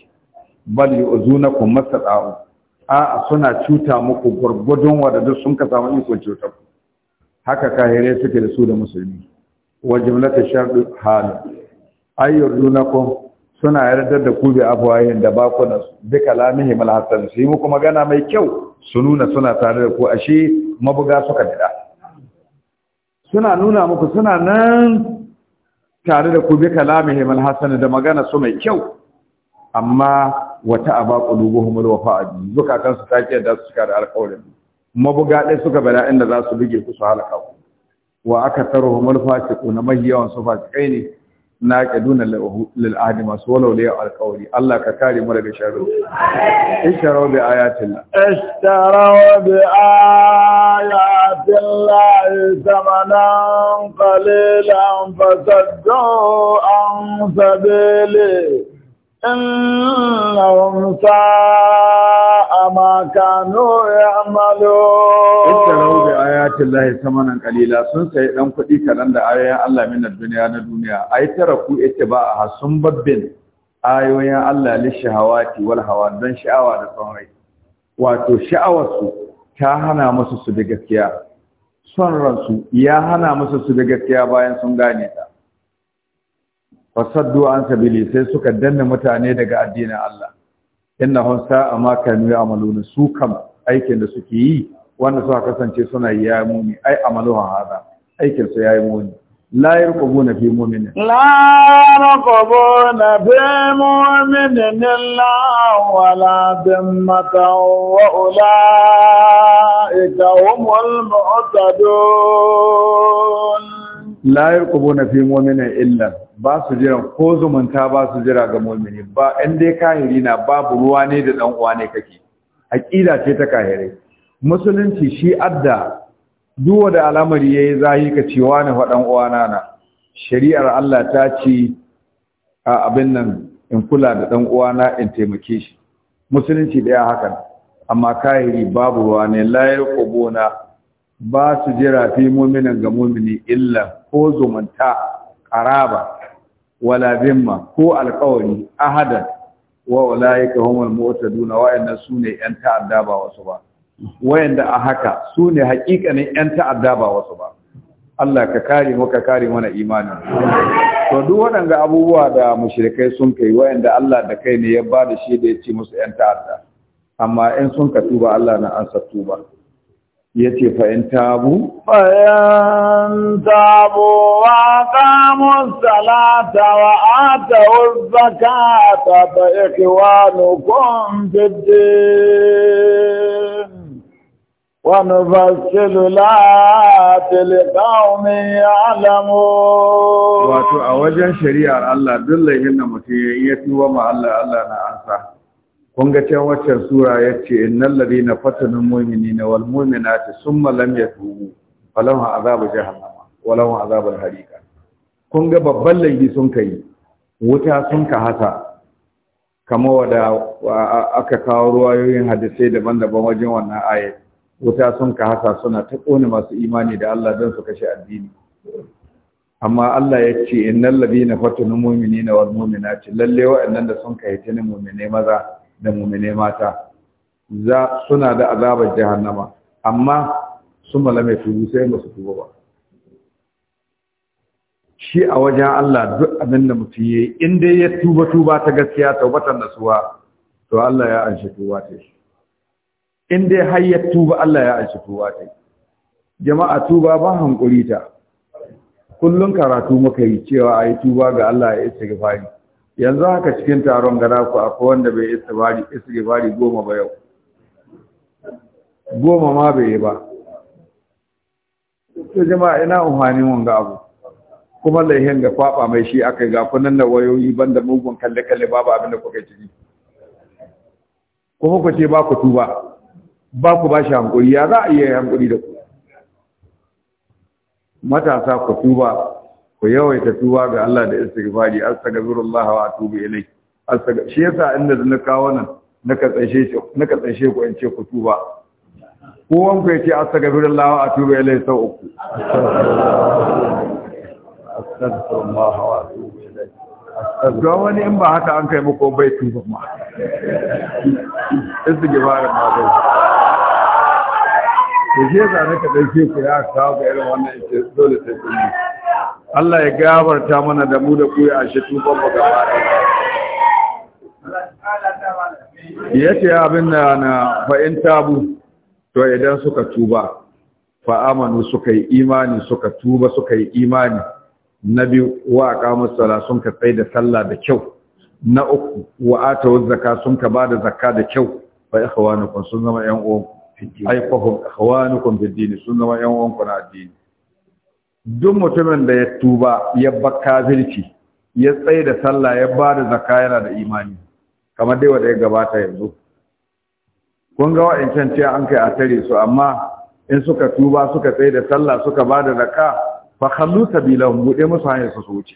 bal yu'zunakum mastata'u a'a suna cuta muku gwargwadon wanda duk sun ka samu iko cutar haka kahire suke da su da musulmi wa jumlata shardu hal Dunako suna yarda da ku bi afwahin da bakunan su bi kalamihi mal hasan su yi muku magana mai kyau su nuna suna tare da ku ashe mabuga suka dida suna nuna muku suna nan tare da ku bi kalamihi mal hasan da magana su mai kyau amma wata aba qulubuhum a jini zukatan su take da su cika da alƙawarin mabuga ɗaya suka bada inda za su buge ku su halaka ku wa aka na mai yawan su fasikai ne ke lil lil'adi masu walau da alƙawari Allah ka kare mu daga sharo ishtaraw bi bi zamanan qalilan fasaddu an sabili إنهم ساء ما كانوا يعملون اشتروا بآيات الله ثمنا قليلا sun sayi ɗan kuɗi kaɗan da ayoyin Allah min duniya na duniya ai taraku ittiba'a sun babbin ayoyin Allah li shahawati wal hawa dan sha'awa da son rai wato sha'awarsu ta hana musu su gaskiya son ransu ya hana musu su da gaskiya bayan sun gane ta fasaddu an sabili sai suka danna mutane daga addinin Allah hum sa'a ma kanu ya'maluna su kam aikin da suke yi wanda suka kasance suna yi ya muni ai amaluha hada aikin su yayi muni la yarqubuna fi mu'minin la yarqubuna fi mu'minin illa wala bimmata wa ulaika humul mu'tadun la yarqubuna fi mu'minin illa ba su jiran ko zumunta ba su jira ga mu'mini ba in dai kahiri na babu ruwa ne da dan uwa ne kake aqida ce ta kahirai musulunci shi adda duk da al'amari yayi zahi ka cewa na fadan uwana na shari'ar Allah ta ci a abin nan in kula da dan uwana in taimake shi musulunci ɗaya hakan amma kahiri babu ruwa ne la na ba su jira fi mu'minin ga mu'mini illa ko zumunta qaraba wala zimma ko alƙawari ahada wa ka humul wa inna sune yan ta'adda ba wasu ba wayanda a haka sune hakikanin yan ta'adda ba wasu ba Allah ka kare mu ka kare mana imanin to duk waɗanda abubuwa da mushrikai sun kai wayanda Allah da kai ne ya ba da shi da ya ce musu yan ta'adda amma in sun ka tuba Allah na an sa tuba ya ce fayin tabu? fayin tabu wa kamun salata wa ta uzzaka ta ta ikiwa nukun fiddin wani fasilu lati alamu wato a wajen shari'ar Allah dole yin da mutum ya iya tuwa ma Allah Allah na ansa kun ga can waccan sura ya ce innal ladina fatanu mu'minina wal mu'minati summa lam yatubu falahum azabu jahannama wa lahum azabu al-hariqa kun ga babban laifi sun kai wuta sun ka hasa kama wada aka kawo ruwayoyin hadisai daban-daban wajen wannan aya wuta sun ka hasa suna ta kone masu imani da Allah don su kashe addini amma Allah ya ce innal ladina fatanu mu'minina wal mu'minati lalle wa'annan da sun kai tinin mu'mine maza da mu'mine mata za suna da azabar jahannama amma su malame tubu sai musu tuba ba shi a wajen Allah duk abin da mutum yi. in dai ya tuba tuba ta gaskiya taubatan nasuwa to Allah ya anshi tuba ta shi in dai har ya tuba Allah ya anshi tuba ta jama'a tuba ba hankuri ta kullun karatu muka yi cewa ayi tuba ga Allah ya istighfari yanzu haka cikin taron gada ku akwai wanda bai istigfari bari goma ba yau goma ma bai yi ba su jama'a ina umhanin wanga abu kuma laihin ga kwaba mai shi akai ga kunan da wayoyi banda mugun kalle kalle ba babu abin da kuka ciki kuma ku ce ba ku tuba ba ku ba shi hankuri ya za a iya hankuri da ku matasa ku tuba ku yawaita tuba ga Allah da istighfari astaghfirullah wa atubu ilayhi astaghfir shi yasa inda na kawo nan naka tsaishe shi naka tsaishe ku in ce ku tuba ko wan ku yace astaghfirullah wa atubu ilayhi sau uku astaghfirullah wa atubu ilayhi astaghfir wani in ba haka an kai muku bai tuba ma istighfar ma bai da je za na ka ɗauke ku ya kawo ga irin wannan dole sai ku yi Allah ya gabarta mana da mu da kuya ya ashe tuban mu gaba ya ce abin da na fa'in tabu to idan suka tuba fa'amanu suka yi imani suka tuba suka yi imani na biyu wa aqamus sala sun ka tsaye da sallah da kyau na uku wa atawuz zakka sun ka bada zakka da kyau fa ikhwanukum sun zama yan uwan ai fa sun zama yan uwan ku na addini duk mutumin da ya tuba ya baka zirci ya tsaye da sallah ya ba da zakka yana da imani kamar dai wanda ya gabata yanzu kun ga wa'ancan ce an kai a tare su amma in suka tuba suka tsaye da sallah suka ba da zakka fa khallu sabilahum bude musu hanyar su wuce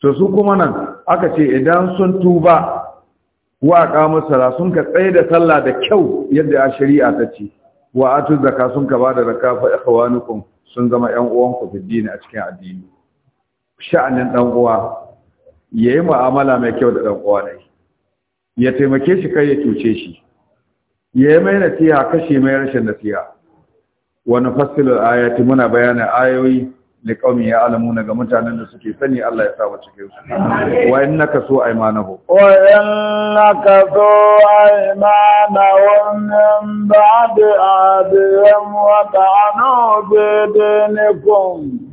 to su kuma nan aka ce idan sun tuba wa ka sala sun ka tsaye da sallah da kyau yadda a shari'a ta ce wa atu zakka sun ka bada zakka fa ikhwanukum sun zama 'yan uwanku ku fiddini a cikin addini sha'anin dan uwa yayi mu'amala mai kyau da dan uwa ne ya taimake shi kai ya cuce shi yayi mai nasiha kashe mai rashin nasiha wa nufassilul ayati muna bayanin ayoyi ya alamu na ga mutanen da suke sani Allah ya sa mu cikin su wa innaka su aymanahu wa innaka su aymanahum min ba'di adiyam wa ta'anu bi dinikum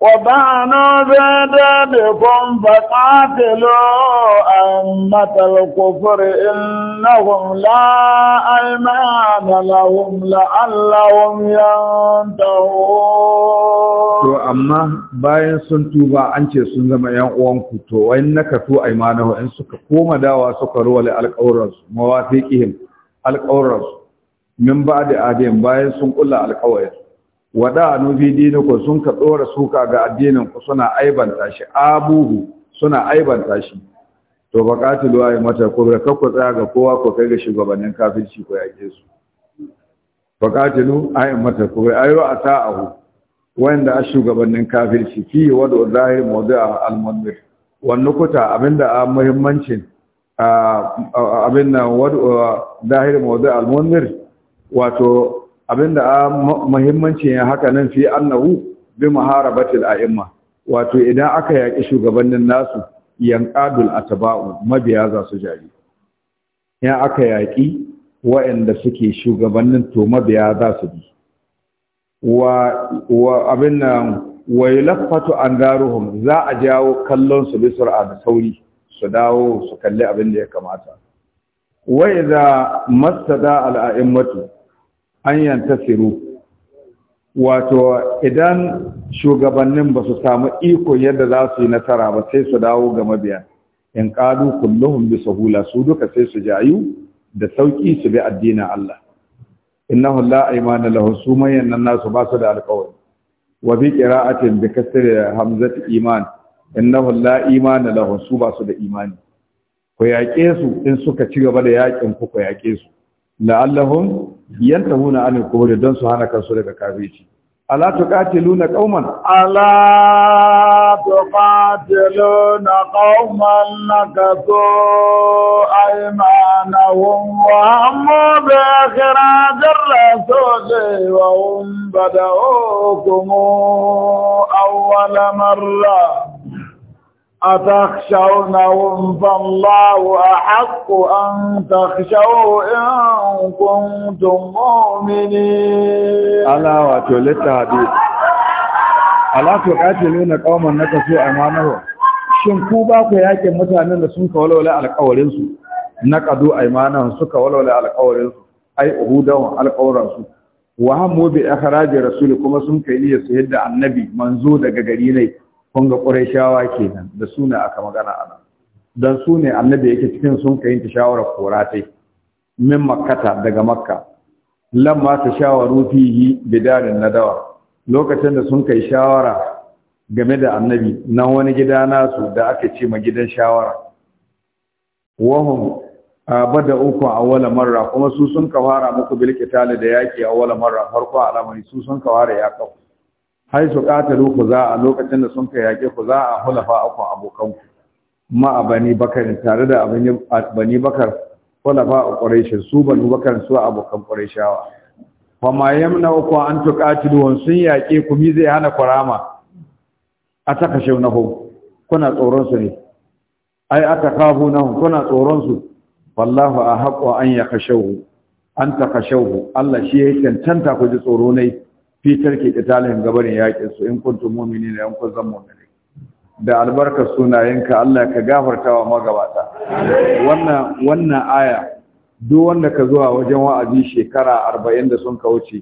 وبعنا بدادكم فقاتلوا أمة الكفر إنهم لا أيمان لهم لعلهم ينتهون to amma bayan sun tuba an ce sun zama yan uwanku to wayan naka to aimanahu in suka koma dawa suka ruwale alƙawran su mawafiqihim alƙawran su min ba'da adin bayan sun kulla alƙawarin wada anu fi dinikum sun ka dora suka ga addinin ku suna aibanta shi abuhu suna aibanta shi to baqatilu ai mata kubra kakku tsaya ga kowa ko kai ga shugabannin kafirci ko yake su baqatilu ai mata kubra ayu ata'ahu wanda a shugabannin kafirci fi wada zahir mawdu'a al-munwir wannan kuta abinda a muhimmancin abin nan wada zahir mawdu'a al-munwir wato abinda a ah, muhimmancin ya haka nan fi annahu bi muharabatil a'imma wato idan aka yaki shugabannin nasu yanqadul atba'u mabiya za su jari ya aka yaki waɗanda suke shugabannin to mabiya za su bi wa wa abin nan wa an daruhum za a jawo kallon su bi sur'a da sauri su dawo su kalli abin da ya kamata wa idza mastada al a'immatu hanyar tasiru wato idan shugabannin ba su samu iko yadda za su yi nasara ba sai su dawo ga mabiya in kadu kulluhum bi sahula su duka sai su jayu da sauƙi su bi addinin Allah innahu la imana lahu sumayan nan nasu ba su da alƙawari wa bi qira'atin bi kasri hamzati iman innahu la imana lahu su ba su da imani ku yaƙe su in suka ci gaba da yaƙin ku ku yaƙe su la'allahum yantahu huna anil kubur don su hana kansu daga kafirci ala tuqatiluna qauman ala tuqatiluna qauman nakatu aymanahum wa hum bi akhiraj ar-rasul wa hum bada'ukum awwal marrah أتخشونهم فالله أحق أن تخشوا إن كنتم مؤمنين ألا وتلت هديد ألا تقاتلون قوما نكسوا أمامهم shin ku ba ku mutanen da sun kawalwale alƙawarinsu na ƙadu aimanan suka walwale alƙawarinsu ai uhudan alƙawarinsu wa hammu bi akhraji rasuli kuma sun kai niyyar su yadda annabi manzo daga gari ne kun ga ke kenan da su ne aka magana a nan don su ne annabi yake cikin sun yin ta shawara kora min makkata daga makka lamma ta shawaru fihi bidarin nadawa lokacin da sun kai shawara game da annabi nan wani gida nasu da aka ce ma gidan shawara wahum bada uku a wala marra kuma su sun kawara muku bil da yaki a wala marra farko lamari su sun kawara ya kawo hai su katalu ku za a lokacin da sun ka yaƙe ku za a hulafa akon abokan ku ma a bani bakar tare da bani bakar hulafa a ƙwarai su bani bakar su a abokan ƙwarai shawa fa ma yamna ku an tu katalu sun yaƙe ku mi zai hana kurama a ta kashe na ho, kuna tsoron su ne ai aka kafu na kuna tsoron su wallahu a haƙo an ya kashewu an ta kashewu Allah shi ya cancanta ku ji tsoro nai fi tarki qitalihim gabarin yakin su in kuntum mu'minina in kun zan mu'mini da albarka sunayenka Allah ka wa magabata wannan wannan aya duk wanda ka zuwa wajen wa'azi shekara 40 da sun ka wuce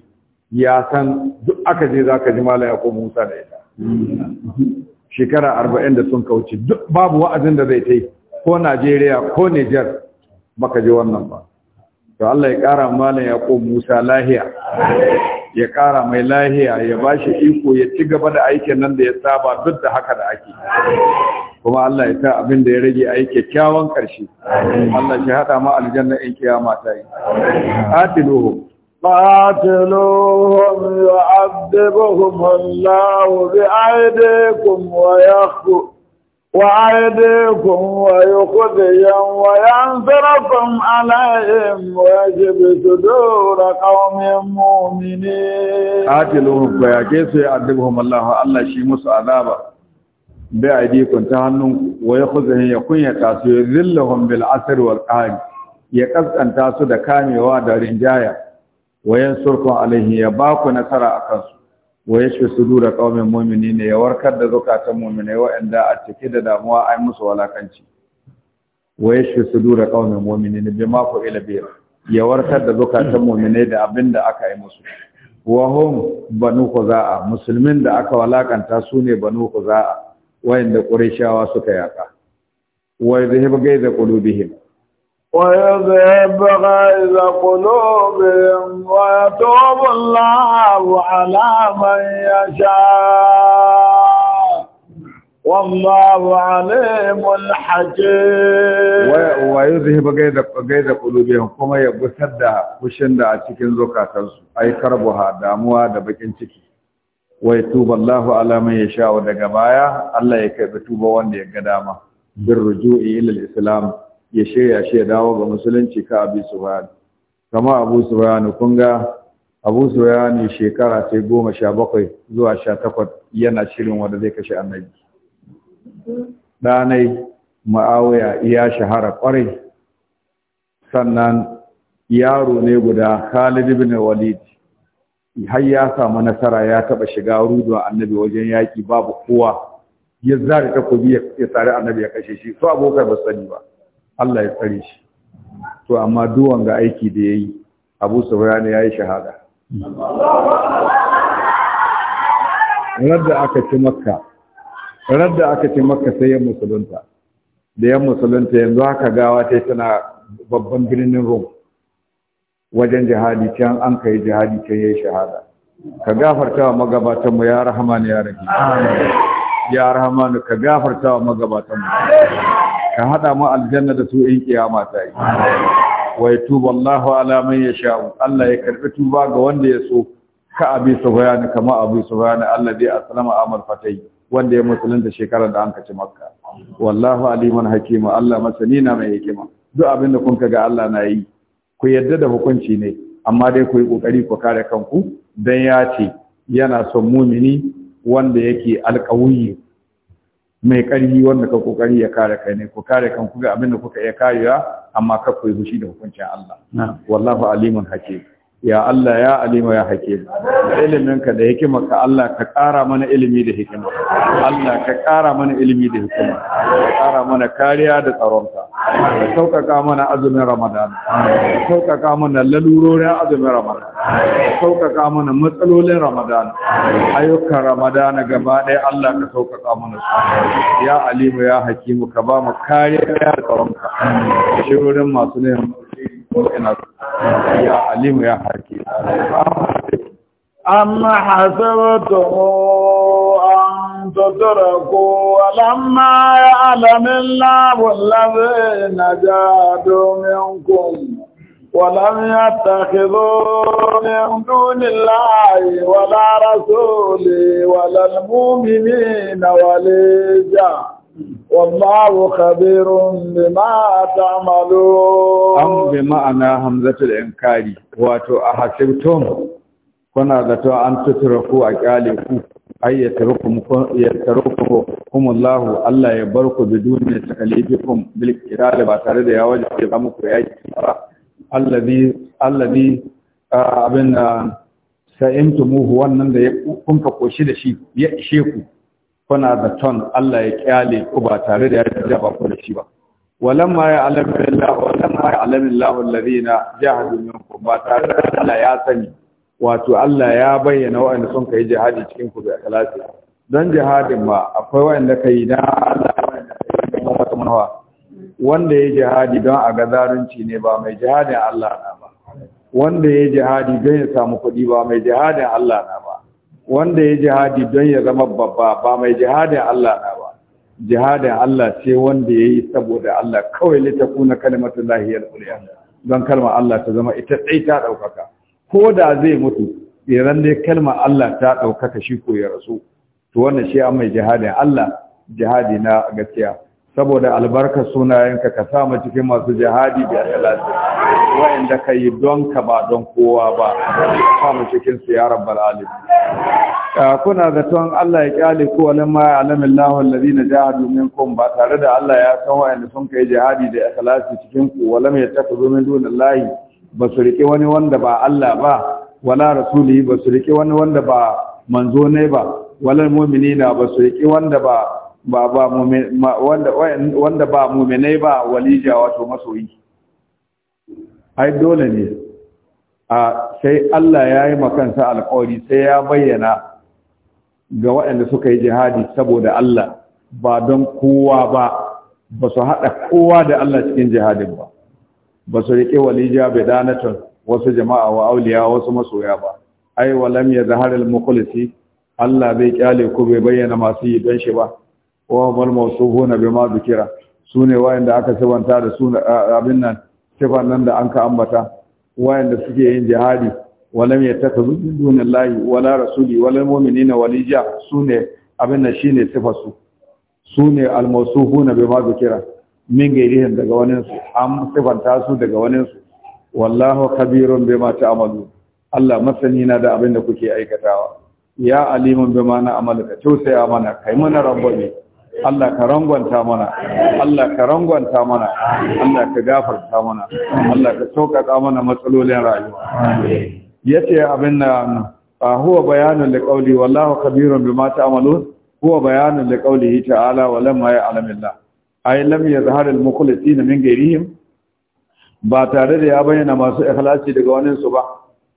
ya san duk aka je zaka ji mala ko Musa da ita shekara 40 da sun ka wuce duk babu wa'azin da zai tai ko Najeriya ko Niger baka je wannan ba to Allah ya kara malam Yaqub Musa lahiya ya kara mai lahiya ya ba shi iko ya ci gaba da aikin nan da ya saba duk da haka da ake kuma Allah ya sa abin da ya rage a yi kyakkyawan ƙarshe Allah shi haɗa ma aljanna in kiyama ta yi qatiluhum قاتلوهم يعذبهم الله wa yakhu وعيدكم ويخذهم وينصركم عليهم ويجب صدور قوم مؤمنين قاتلوهم فياكيس يعذبهم الله الله شي مس عذابا بأيديكم تهنم ويخذهم يكون يتاسو يذلهم بالعسر والقهر يقصد تاسو دكاني وادا رنجايا وينصركم عليه يباكو نصر أكاسو wa yashfi sudura qaumin mu'minina ya warkar da zakatan mu'minai wa'anda a cike da damuwa ai musu walakanci wa yashfi sudura qaumin mu'minina bima fa'ila bi ya warkar da zakatan mu'minai da abinda aka yi musu wa hum banu khuza'a musulmin da aka walakanta su ne banu khuza'a wa'anda qurayshawa suka yaka wa yadhhibu gaiza qulubihim ويذهب غيظ قلوبهم ويتوب الله على من يشاء والله عليم حكيم ويذهب غيظ قلوبهم كما يبسر da kushin da a cikin zukatansu ai karbuha damuwa da bakin ciki wai tuba Allahu ala man yasha daga baya Allah ya kai tuba wanda ya ga dama Bin ruju'i ila al-islam ya shirya shi ya dawo ga musulunci ka su bayani. kama abu sufyan kun ga abu bayani shekara sai goma sha bakwai zuwa sha takwas yana shirin wanda zai kashe annabi ɗanai ma'awuya iya shahara kwarai sannan yaro ne guda khalid ibn walid har ya samu nasara ya taɓa shiga rudon annabi wajen yaki babu kowa ya zare takobi ya tare annabi ya kashe shi su abokai ba su sani ba Allah ya tsare shi to amma duwan ga aiki da yayi Abu Sufyan ya yi shahada radda aka ci Makka radda aka ci Makka sai ya musulunta da ya musulunta yanzu haka gawa ta tana babban birnin Rom wajen jihadi can an kai jihadi can yayi shahada ka gafarta wa magabatan mu ya rahman ya rahim ya rahman ka gafarta wa magabatan mu ka haɗa mu aljanna da su in kiyama ta yi wa yatubu Allahu ala man yasha Allah ya karbi tuba ga wanda ya so ka abi subhana kama abu Allah alladhi aslama amr fatai wanda ya musulunta shekarar da an kace makka wallahu aliman hakima Allah masanina mai hikima duk abin da kun ga Allah na yi ku yadda da hukunci ne amma dai ku yi kokari ku kare kanku dan ya ce yana son mumini wanda yake alƙawuyi mai ƙarfi wanda ka kokari ya kare kai ne ku kare kan ku ga abin da kuka iya karewa amma ka koyi fushi da hukuncin Allah wallahu alimun hakim ya Allah ya alima ya hakim da iliminka da hikimarka Allah ka ƙara mana ilimi da hikima Allah ka ƙara mana ilimi da hikima ka ƙara mana kariya da tsaronka ka sauƙaƙa mana azumin Ramadan ka sauƙaƙa mana lalurorin azumin Ramadan ka sauƙaƙa mana matsalolin Ramadan ayyukan Ramadan gaba ɗaya Allah ka sauƙaƙa mana su ya alima ya hakimu ka ba mu kariya da tsaronka shirorin masu neman ina ya alimu ya haki amma hasabtu an tadraku alamma ya alamilla wallahi najadu minkum ولم يتخذوا من دون الله ولا رسول ولا المؤمنين والله خبير بما تعملون أم بمعنى همزة الانكاري واتو احسبتم كنا ذاتو ان تتركوا اي يتركم يتركم هم الله الله يبرك بدون تكليفكم بالإرادة باتارد يا وجه يغمك يا الذي الذي ابن سئمتموه هو ان kun ka koshi da shi ya kuna da ton Allah ya kyale ku ba tare da ya ba ku da shi ba walamma ya alamillahu walamma ya alamillahu alladhina jahadu minkum ba tare da Allah ya sani wato Allah ya bayyana waɗanda sun kai jihadi cikin ku da ikhlasi don jihadin ma akwai waɗanda kai da Allah wata manawa wanda ya jihadi don a gazarunci ne ba mai jihadin Allah na ba wanda ya jihadi don ya samu kuɗi ba mai jihadin Allah na ba wanda ya jihadi don ya zama babba ba mai jihadin Allah na ba jihadin Allah ce wanda ya yi saboda Allah kawai na kalimatun lahiyar uliya don kalmar Allah ta zama ita tsaye ta ɗaukaka ko da zai mutu iran dai kalmar Allah ta ɗaukaka shi ko ya rasu to wannan shi an mai jihadin Allah jihadi na gaskiya saboda albarka sunayenka ka sa mu cikin masu jihadi da ikhlasi wa'anda ka yi don ka ba don kowa ba sa mu cikin su ya rabbal alamin kuna zaton Allah ya kyale ku wani ma alamin lahu na jahadu minkum ba tare da Allah ya san wa'anda sun kai jihadi da ikhlasi cikin ku wala mai takazu min dunillahi ba su rike wani wanda ba Allah ba wala rasulihi ba su rike wani wanda ba manzo ne ba wala mu'minina ba su rike wanda ba ba ba wanda wanda ba mu'minai ba walija wato masoyi ai dole ne a sai Allah ya yi makansa alƙawari sai ya bayyana ga waɗanda suka yi jihadi saboda Allah ba don kowa ba ba su haɗa kowa da Allah cikin jihadin ba ba su riƙe walija bai bedanatun wasu jama'a wa auliya wasu masoya ba ai walam ya zaharar mukulisi Allah bai kyale ku bai bayyana masu yi don shi ba wa mal mawsuhuna bima dhukira sune wayanda aka sabanta da suna abin nan sifan nan da an ka ambata wayanda suke yin jihadi walam yattakhidhu min dunillahi wala rasuli wala mu'minina Su ne abin nan shine su sune al mawsuhuna ma dhukira min gairihin daga wani su an sifanta su daga wani su wallahu kabirun ma ta'malu Allah masani na da abin da kuke aikatawa ya alimun ma na amalaka tausaya mana kai mana rabbi Allah ka rangwanta mana Allah ka rangwanta mana Allah ka gafarta mana Allah ka sauƙaƙa mana matsalolin rayuwa Ya ce abin nan huwa bayanin da liqauli wallahu bi bima amalu, huwa bayanin da ƙauli yi ta'ala wa lam A ay lam zahar al na min gairihim, ba tare da ya bayyana masu ikhlasi daga wani su ba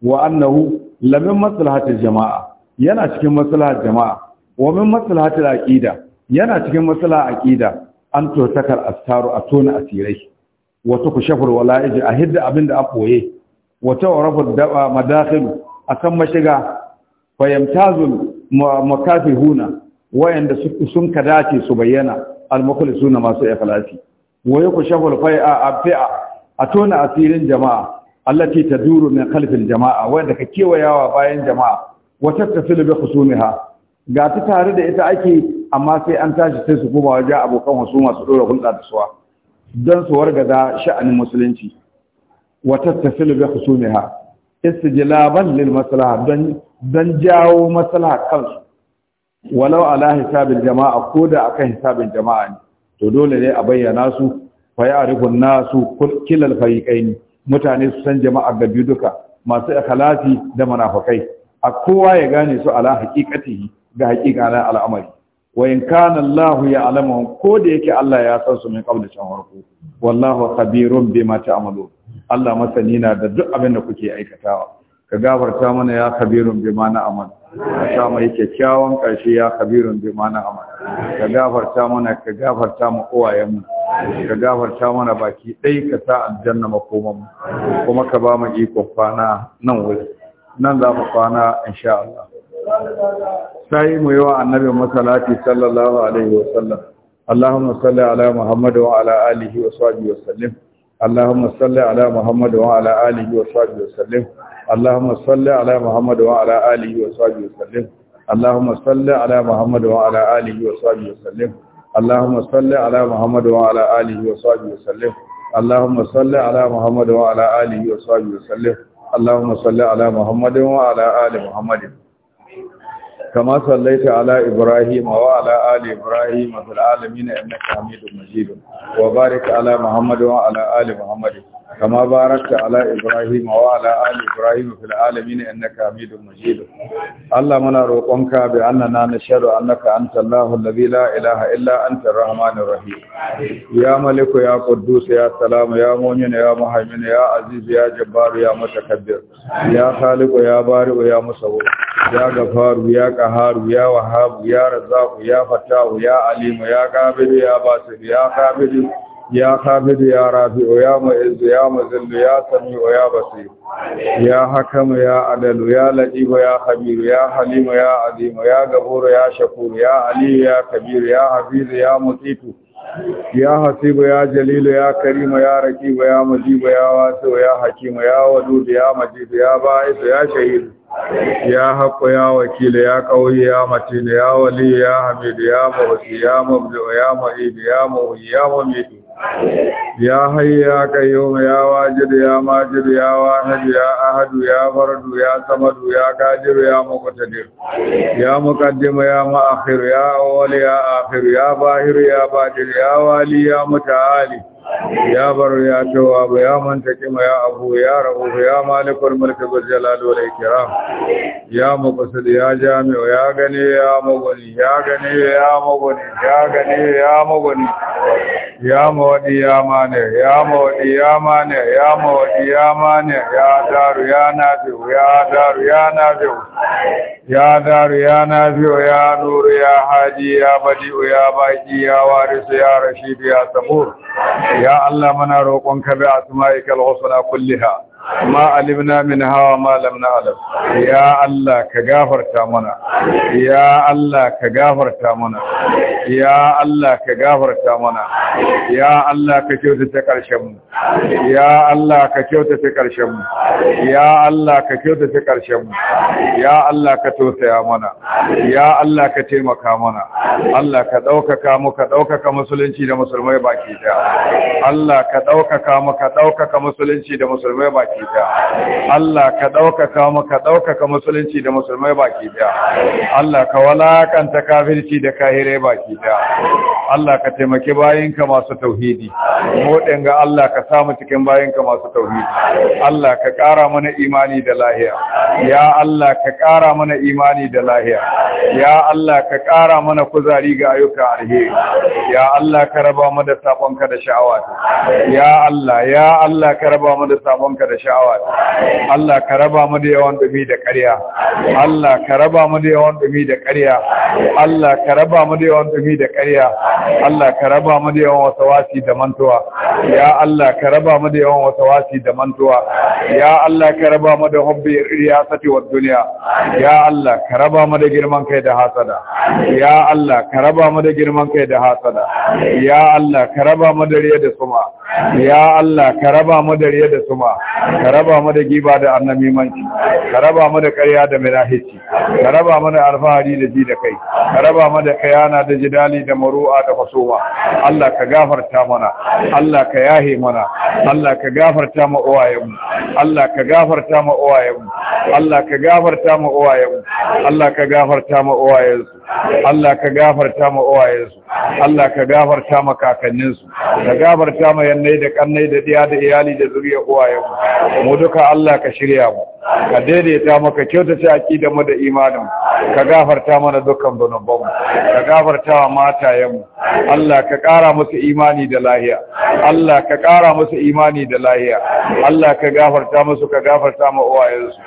wa annahu lamin maslahatil jama'a yana cikin maslahat jama'a wa min maslahatil aqida yana cikin matsala a ƙida. an to takar astaru a tona asirai wata ku shafar wala'iji a hidda abin da a koye wata daɓa daba a akan mashiga huna makafihuna wayanda sun dace su bayyana suna masu ikhlasi waye ku shafar fai'a a tona asirin jama'a allati taduru min khalfil jama'a da ka kewayawa bayan jama'a wata ku bi khusumiha ga ta tare da ita ake amma sai an tashi sai su koma wajen abokan wasu masu ɗora hulɗa da suwa don su wargaza sha'anin musulunci wa tattasilu bi ji istijlaban lil maslaha don jawo maslaha kansu walau ala hisabin jama'a ko da akan hisabin jama'a ne to dole ne a bayyana su fa ya'rifu nasu kilal fariqain mutane su san jama'a ga biyu duka masu ikhlasi da munafikai a kowa ya gane su ala haqiqatihi ga haqiqa na al'amari wa in kana Allah ya ko da yake Allah ya san su min qabla can harku wallahu khabirun bima ta'malun Allah masani na da duk abin da kuke aikatawa ka gafarta mana ya khabirun bima na'mal ka sa mu kyakkyawan karshe ya khabirun bima na'mal ka gafarta mana ka gafarta mu uwayen mu ka gafarta mana baki dai ka sa aljanna makoman mu kuma ka ba mu iko kwana nan wuri nan za mu kwana insha Allah sai mu yi wa annabi masalati sallallahu alaihi wa sallam Allahumma salli ala Muhammad wa ala alihi wa sahbihi wa sallim Allahumma salli ala Muhammad wa ala alihi wa sahbihi wa sallim Allahumma salli ala Muhammad wa ala alihi wa sahbihi wa sallim Allahumma salli ala Muhammad wa ala alihi wa sahbihi wa sallim Allahumma salli ala Muhammad wa ala alihi wa sahbihi wa sallim اللهم صل على محمد وعلى آله وصحبه وسلم اللهم صل على محمد وعلى آل محمد kama sallaita ala ibrahim wa ala ali ibrahim wa fil alamin innaka hamidum majid wa barik ala muhammadin wa ala ali muhammadin كما باركت على إبراهيم وعلى آل إبراهيم في العالمين إنك حميد مجيد الله منا روقنك بأننا نشهد أنك أنت الله الذي لا إله إلا أنت الرحمن الرحيم يا ملك يا قدوس يا سلام يا مؤمن يا مهيمن يا عزيز يا جبار يا متكبر يا خالق يا بارئ يا مصور يا غفار يا قهار يا وهاب يا رزاق يا فتاح يا عليم يا قابل يا باسط يا قابل يا خابد يا رافع يا معز يا مذل يا سميع يا بصير يا حكم يا عدل يا لطيف يا خبير يا حليم يا عظيم يا غفور يا شكور يا علي يا كبير يا حفيظ يا مقيت يا حسيب يا جليل يا كريم يا رقيب يا مجيب يا واسع يا حكيم يا ودود يا مجيد يا باعث يا شهيد يا حق يا وكيل يا قوي يا متين يا ولي يا حميد يا مغثي يا مبدع يا معيد يا مهي يا مميت ya hayya qayyum ya wajid ya majid ya wahid ya ahad ya farad ya samad ya qadir ya ya muqaddim ya muakhir ya awwal ya akhir ya ya batin ya wali ya mutaali ya bar ya cewa ya manta kima ya abu ya rabu ya malikul mulki wal jalal wal ikram ya mubassir ya jami'u ya gani ya mugni ya gani ya mugni ya gani ya mugni ya mawdi ya mane ya mawdi ya mane ya mawdi ya mane ya daru ya nabi ya daru ya nabi ya daru ya nabi ya nur ya haji ya badi ya baqi ya waris ya rashid ya sabur ya Allah muna roƙonka bi asma'ikal husna kulliha ma alimna min hawa ma lam na'lam ya Allah ka gafarta mana ya Allah ka gafarta mana ya Allah ka gafarta mana ya Allah ka kyautata karshen mu ya Allah ka kyautata karshen mu ya Allah ka kyautata karshen mu ya Allah ka tausaya mana ya Allah ka taimaka mana Allah ka ɗaukaka mu ka ɗaukaka musulunci da musulmai baki daya Allah ka ɗaukaka mu ka ɗaukaka musulunci da musulmai baki baki daya Allah ka ɗaukaka mu ka musulunci da musulmai baki daya Allah ka walakanta kafirci da kahirai baki daya Allah ka taimaki bayinka masu tauhidi mu ga Allah ka samu cikin bayinka masu tauhidi Allah ka ƙara mana imani da lahiya ya Allah ka ƙara mana imani da lahiya ya Allah ka ƙara mana kuzari ga ayyuka alheri ya Allah ka raba mu da sabonka da sha'awa ya Allah ya Allah ka raba mu da sabonka da sha'awa sha'awa Allah ka raba mu da yawan dumi da ƙarya Allah ka raba mu da yawan dumi da ƙarya Allah ka raba mu da yawan dumi da ƙarya Allah ka raba mu da yawan wasawasi da mantuwa ya Allah ka raba mu da yawan wasawasi da mantuwa ya Allah ka raba mu da hubbi riyasati wa dunya ya Allah ka raba mu da girman kai da hasada ya Allah ka raba mu da girman kai da hasada ya Allah ka raba mu da riya da suma ya Allah ka raba mu da riya da suma ka raba mu da giba da annabimanci ka raba mu da ƙarya da mirahici ka raba mu da alfahari da ji da kai ka raba mu da kayana da jidali da maru'a da fasowa Allah ka gafarta mana Allah ka yahe mana Allah ka gafarta mu uwayenmu Allah ka gafarta mu uwayenmu Allah ka gafarta mu uwayenmu Allah ka gafarta mu uwayensu Allah ka gafarta ma uwayensu Allah ka gafarta ma kakanninsu ka gafarta ma yannai da kannai da diya da iyali da zuriyar uwayenmu mu duka Allah ka shirya mu ka daidaita mu ka kyautata aqida mu da imanin ka gafarta mana dukkan zanubanmu ka gafarta wa matayenmu Allah ka ƙara musu imani da lahiya Allah ka kara musu imani da lahiya Allah ka gafarta musu ka gafarta ma uwayensu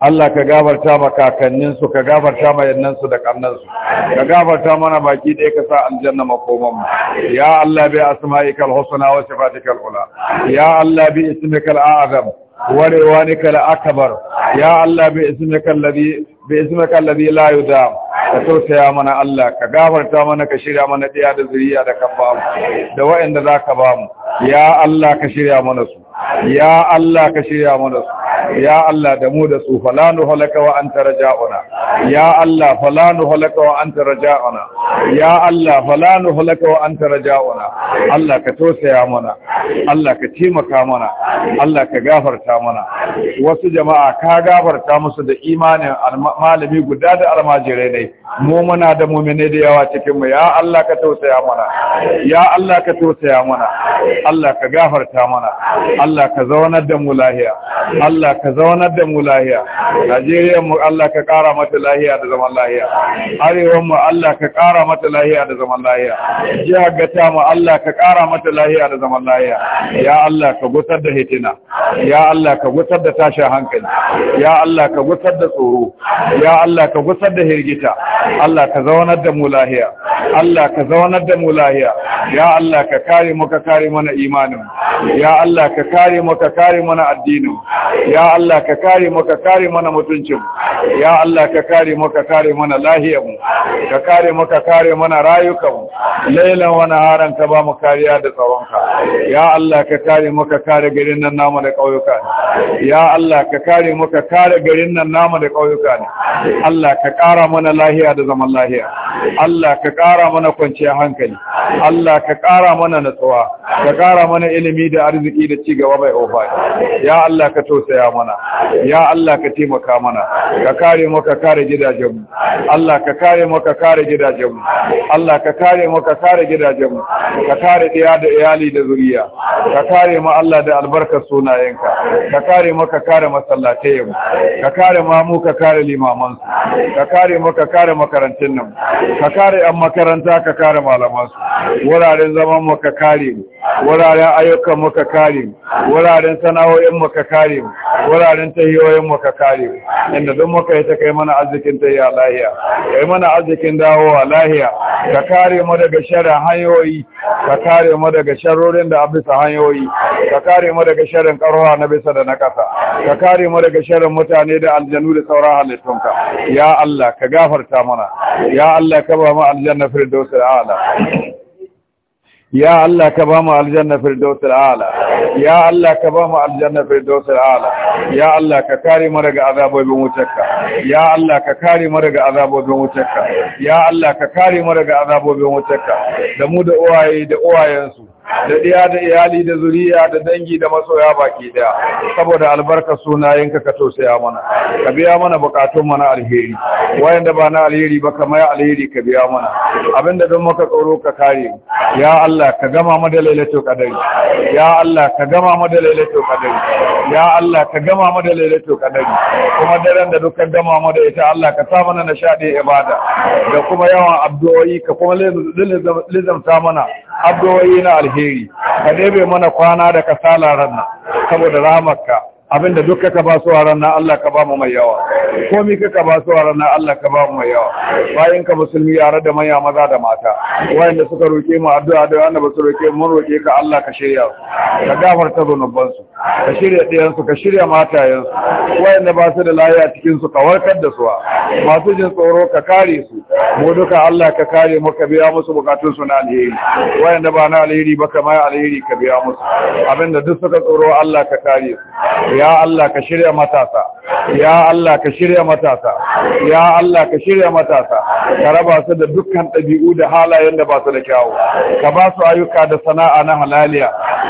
Allah ka gabarta ma kakanninsu ka gabarta ma yannansu da kannansu ka gabarta mana baki da ka sa aljanna makoman mu ya Allah bi asma'ikal husna wa sifatikal ula ya Allah bi ismikal a'zam wa riwanikal akbar ya Allah bi ismikal ladhi bi ismikal ladhi la yudam ka tausaya mana Allah ka gafarta mana ka shirya mana ɗiya da zuriya da ka bamu da za ka bamu ya Allah ka shirya mana su ya Allah ka shirya mu da su ya Allah da mu da su falanu halaka wa anta raja'una ya Allah falanu halaka wa anta raja'una ya Allah falanu halaka wa anta raja'una Allah ka tausaya mana Allah ka taimaka mana Allah ka gafarta mana wasu jama'a ka gafarta musu da imanin malami guda da almajire ne mu muna da mu'mini da yawa cikin mu ya Allah ka tosaya mana ya Allah ka tausaya mana Allah ka gafarta mana Allah ka zaunar da mu lahiya Allah ka zaunar da mu lahiya Najeriya mu Allah ka ƙara mata lahiya da zaman lahiya Arewa mu Allah ka ƙara mata lahiya da zaman lahiya Jihar Gata mu Allah ka ƙara mata lahiya da zaman lahiya Ya Allah ka gutar da hitina Ya Allah ka gutar da tashin hankali Ya Allah ka gutar da tsoro Ya Allah ka gutar da hirgita Allah ka zaunar da mu lahiya Allah ka zaunar da mu lahiya Ya Allah ka kare mu ka kare mana imanin ya Allah ka kare mu ka kare mana addinin ya Allah ka kare mu ka kare mana mutuncin ya Allah ka kare mu ka kare mana lahiyar mu ka kare mu ka kare mana rayukan mu lailan wa naharan ka ba mu kariya da tsaron ka ya Allah ka kare mu ka kare garin nan namu da kauyuka ya Allah ka kare mu ka kare garin nan namu da kauyuka Allah ka kara mana lahiya da zaman lahiya Allah ka kara mana kwanciyar hankali Allah ka kara mana natsuwa ka kara mana ilimi da arziki da cigaba wa mai ofat ya Allah ka tausaya mana ya Allah ka taimaka mana ka kare mu ka kare gidajen mu Allah ka kare mu ka kare gidajen mu Allah ka kare mu ka kare gidajen mu ka kare diya da iyali da zuriya ka kare mu Allah da albarkar sunayenka ka kare mu ka kare masallatai mu ka kare mu mu ka kare limaman su ka kare mu ka kare makarantun nan ka kare an makaranta ka kare malaman su wuraren zaman mu ka kare wuraren ayyukan mu ka kare wuraren sana'o'in mu ka kare mu wuraren tahiyoyin mu ka kare mu inda duk muka yi ta kai mana arzikin tahiya lahiya kai mana arzikin dawowa lahiya ka kare mu daga sharrin hanyoyi ka kare mu daga sharrorin da abisa hanyoyi ka kare mu daga sharrin karuwa na bisa da na kasa ka kare mu daga sharrin mutane da aljanu da sauran halittunka ya Allah ka gafarta mana ya Allah ka ba mu aljanna firdausul a'la ya Allah ka ba mu aljanna firdaus ala ya Allah ka ba mu aljanna firdaus ala ya Allah ka kare mu daga azabobin wutarka ya Allah ka kare mu daga azabobin wutarka ya Allah ka kare mu daga azabobin wutarka da mu da uwaye da uwayensu da diya da iyali da zuriya da dangi da masoya baki ɗaya. saboda albarka sunayenka ka tausaya mana ka biya mana bukatun mana alheri wayanda ba na alheri ba kamar alheri ka biya mana abinda don maka tsoro ka kare ya Allah ka gama mu da lailatul qadari ya Allah ka gama mu da lailatul qadari ya Allah ka gama mu da lailatul qadari kuma daren da dukkan gama mu da ita Allah ka sa mana nishadi ibada da kuma yawan addu'o'i ka kuma lizamta mana addu'o'i na alheri ka ɗebe mana kwana da kasala ranna saboda rahamarka abinda duk kaka ba su a ranar Allah ka ba mu mai yawa komi kaka ba su a ranar Allah ka ba mu mai yawa bayan ka musulmi yare da maya maza da mata wayanda suka roke mu addu'a da wanda ba su roke mun roke ka Allah ka shirya su. ka gafarta zunuban su ka shirya ɗayan su ka shirya matayen su wayanda ba su da lafiya cikin su ka warkar da su masu jin tsoro ka kare su mu duka Allah ka kare mu ka biya musu bukatun su na alheri wayanda ba na alheri ba ka mai alheri ka biya musu abinda duk suka tsoro Allah ka kare su ya Allah ka shirya matasa ya Allah ka shirya matasa ya Allah ka shirya matasa ka raba su da dukkan ɗabi'u da halayen da ba su da kyawu ka ba su ayyuka da sana'a na halaliya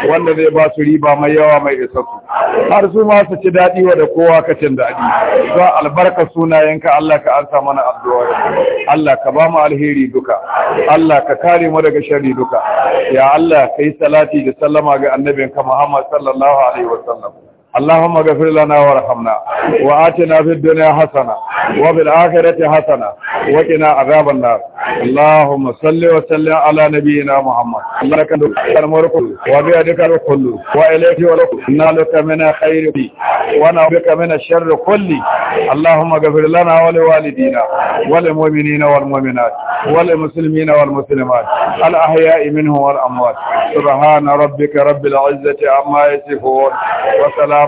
wanda zai ba su riba mai yawa mai isassu har su ma su ci daɗi wa da kowa ka cin daɗi za albarka sunayenka Allah ka ansa mana addu'a Allah ka ba mu alheri duka Allah ka kare mu daga sharri duka ya Allah kai salati da sallama ga annabinka Muhammad sallallahu alaihi اللهم اغفر لنا وارحمنا وآتنا في الدنيا حسنة وفي الآخرة حسنة وقنا عذاب النار اللهم صل وسلم على نبينا محمد لك الملك وبيدك الكل وإليك ولك نالك من خير ونعوذ من الشر كله اللهم اغفر لنا ولوالدينا وللمؤمنين والمؤمنات وللمسلمين والمسلمات الأحياء منهم والأموات سبحان ربك رب العزة عما يصفون وسلام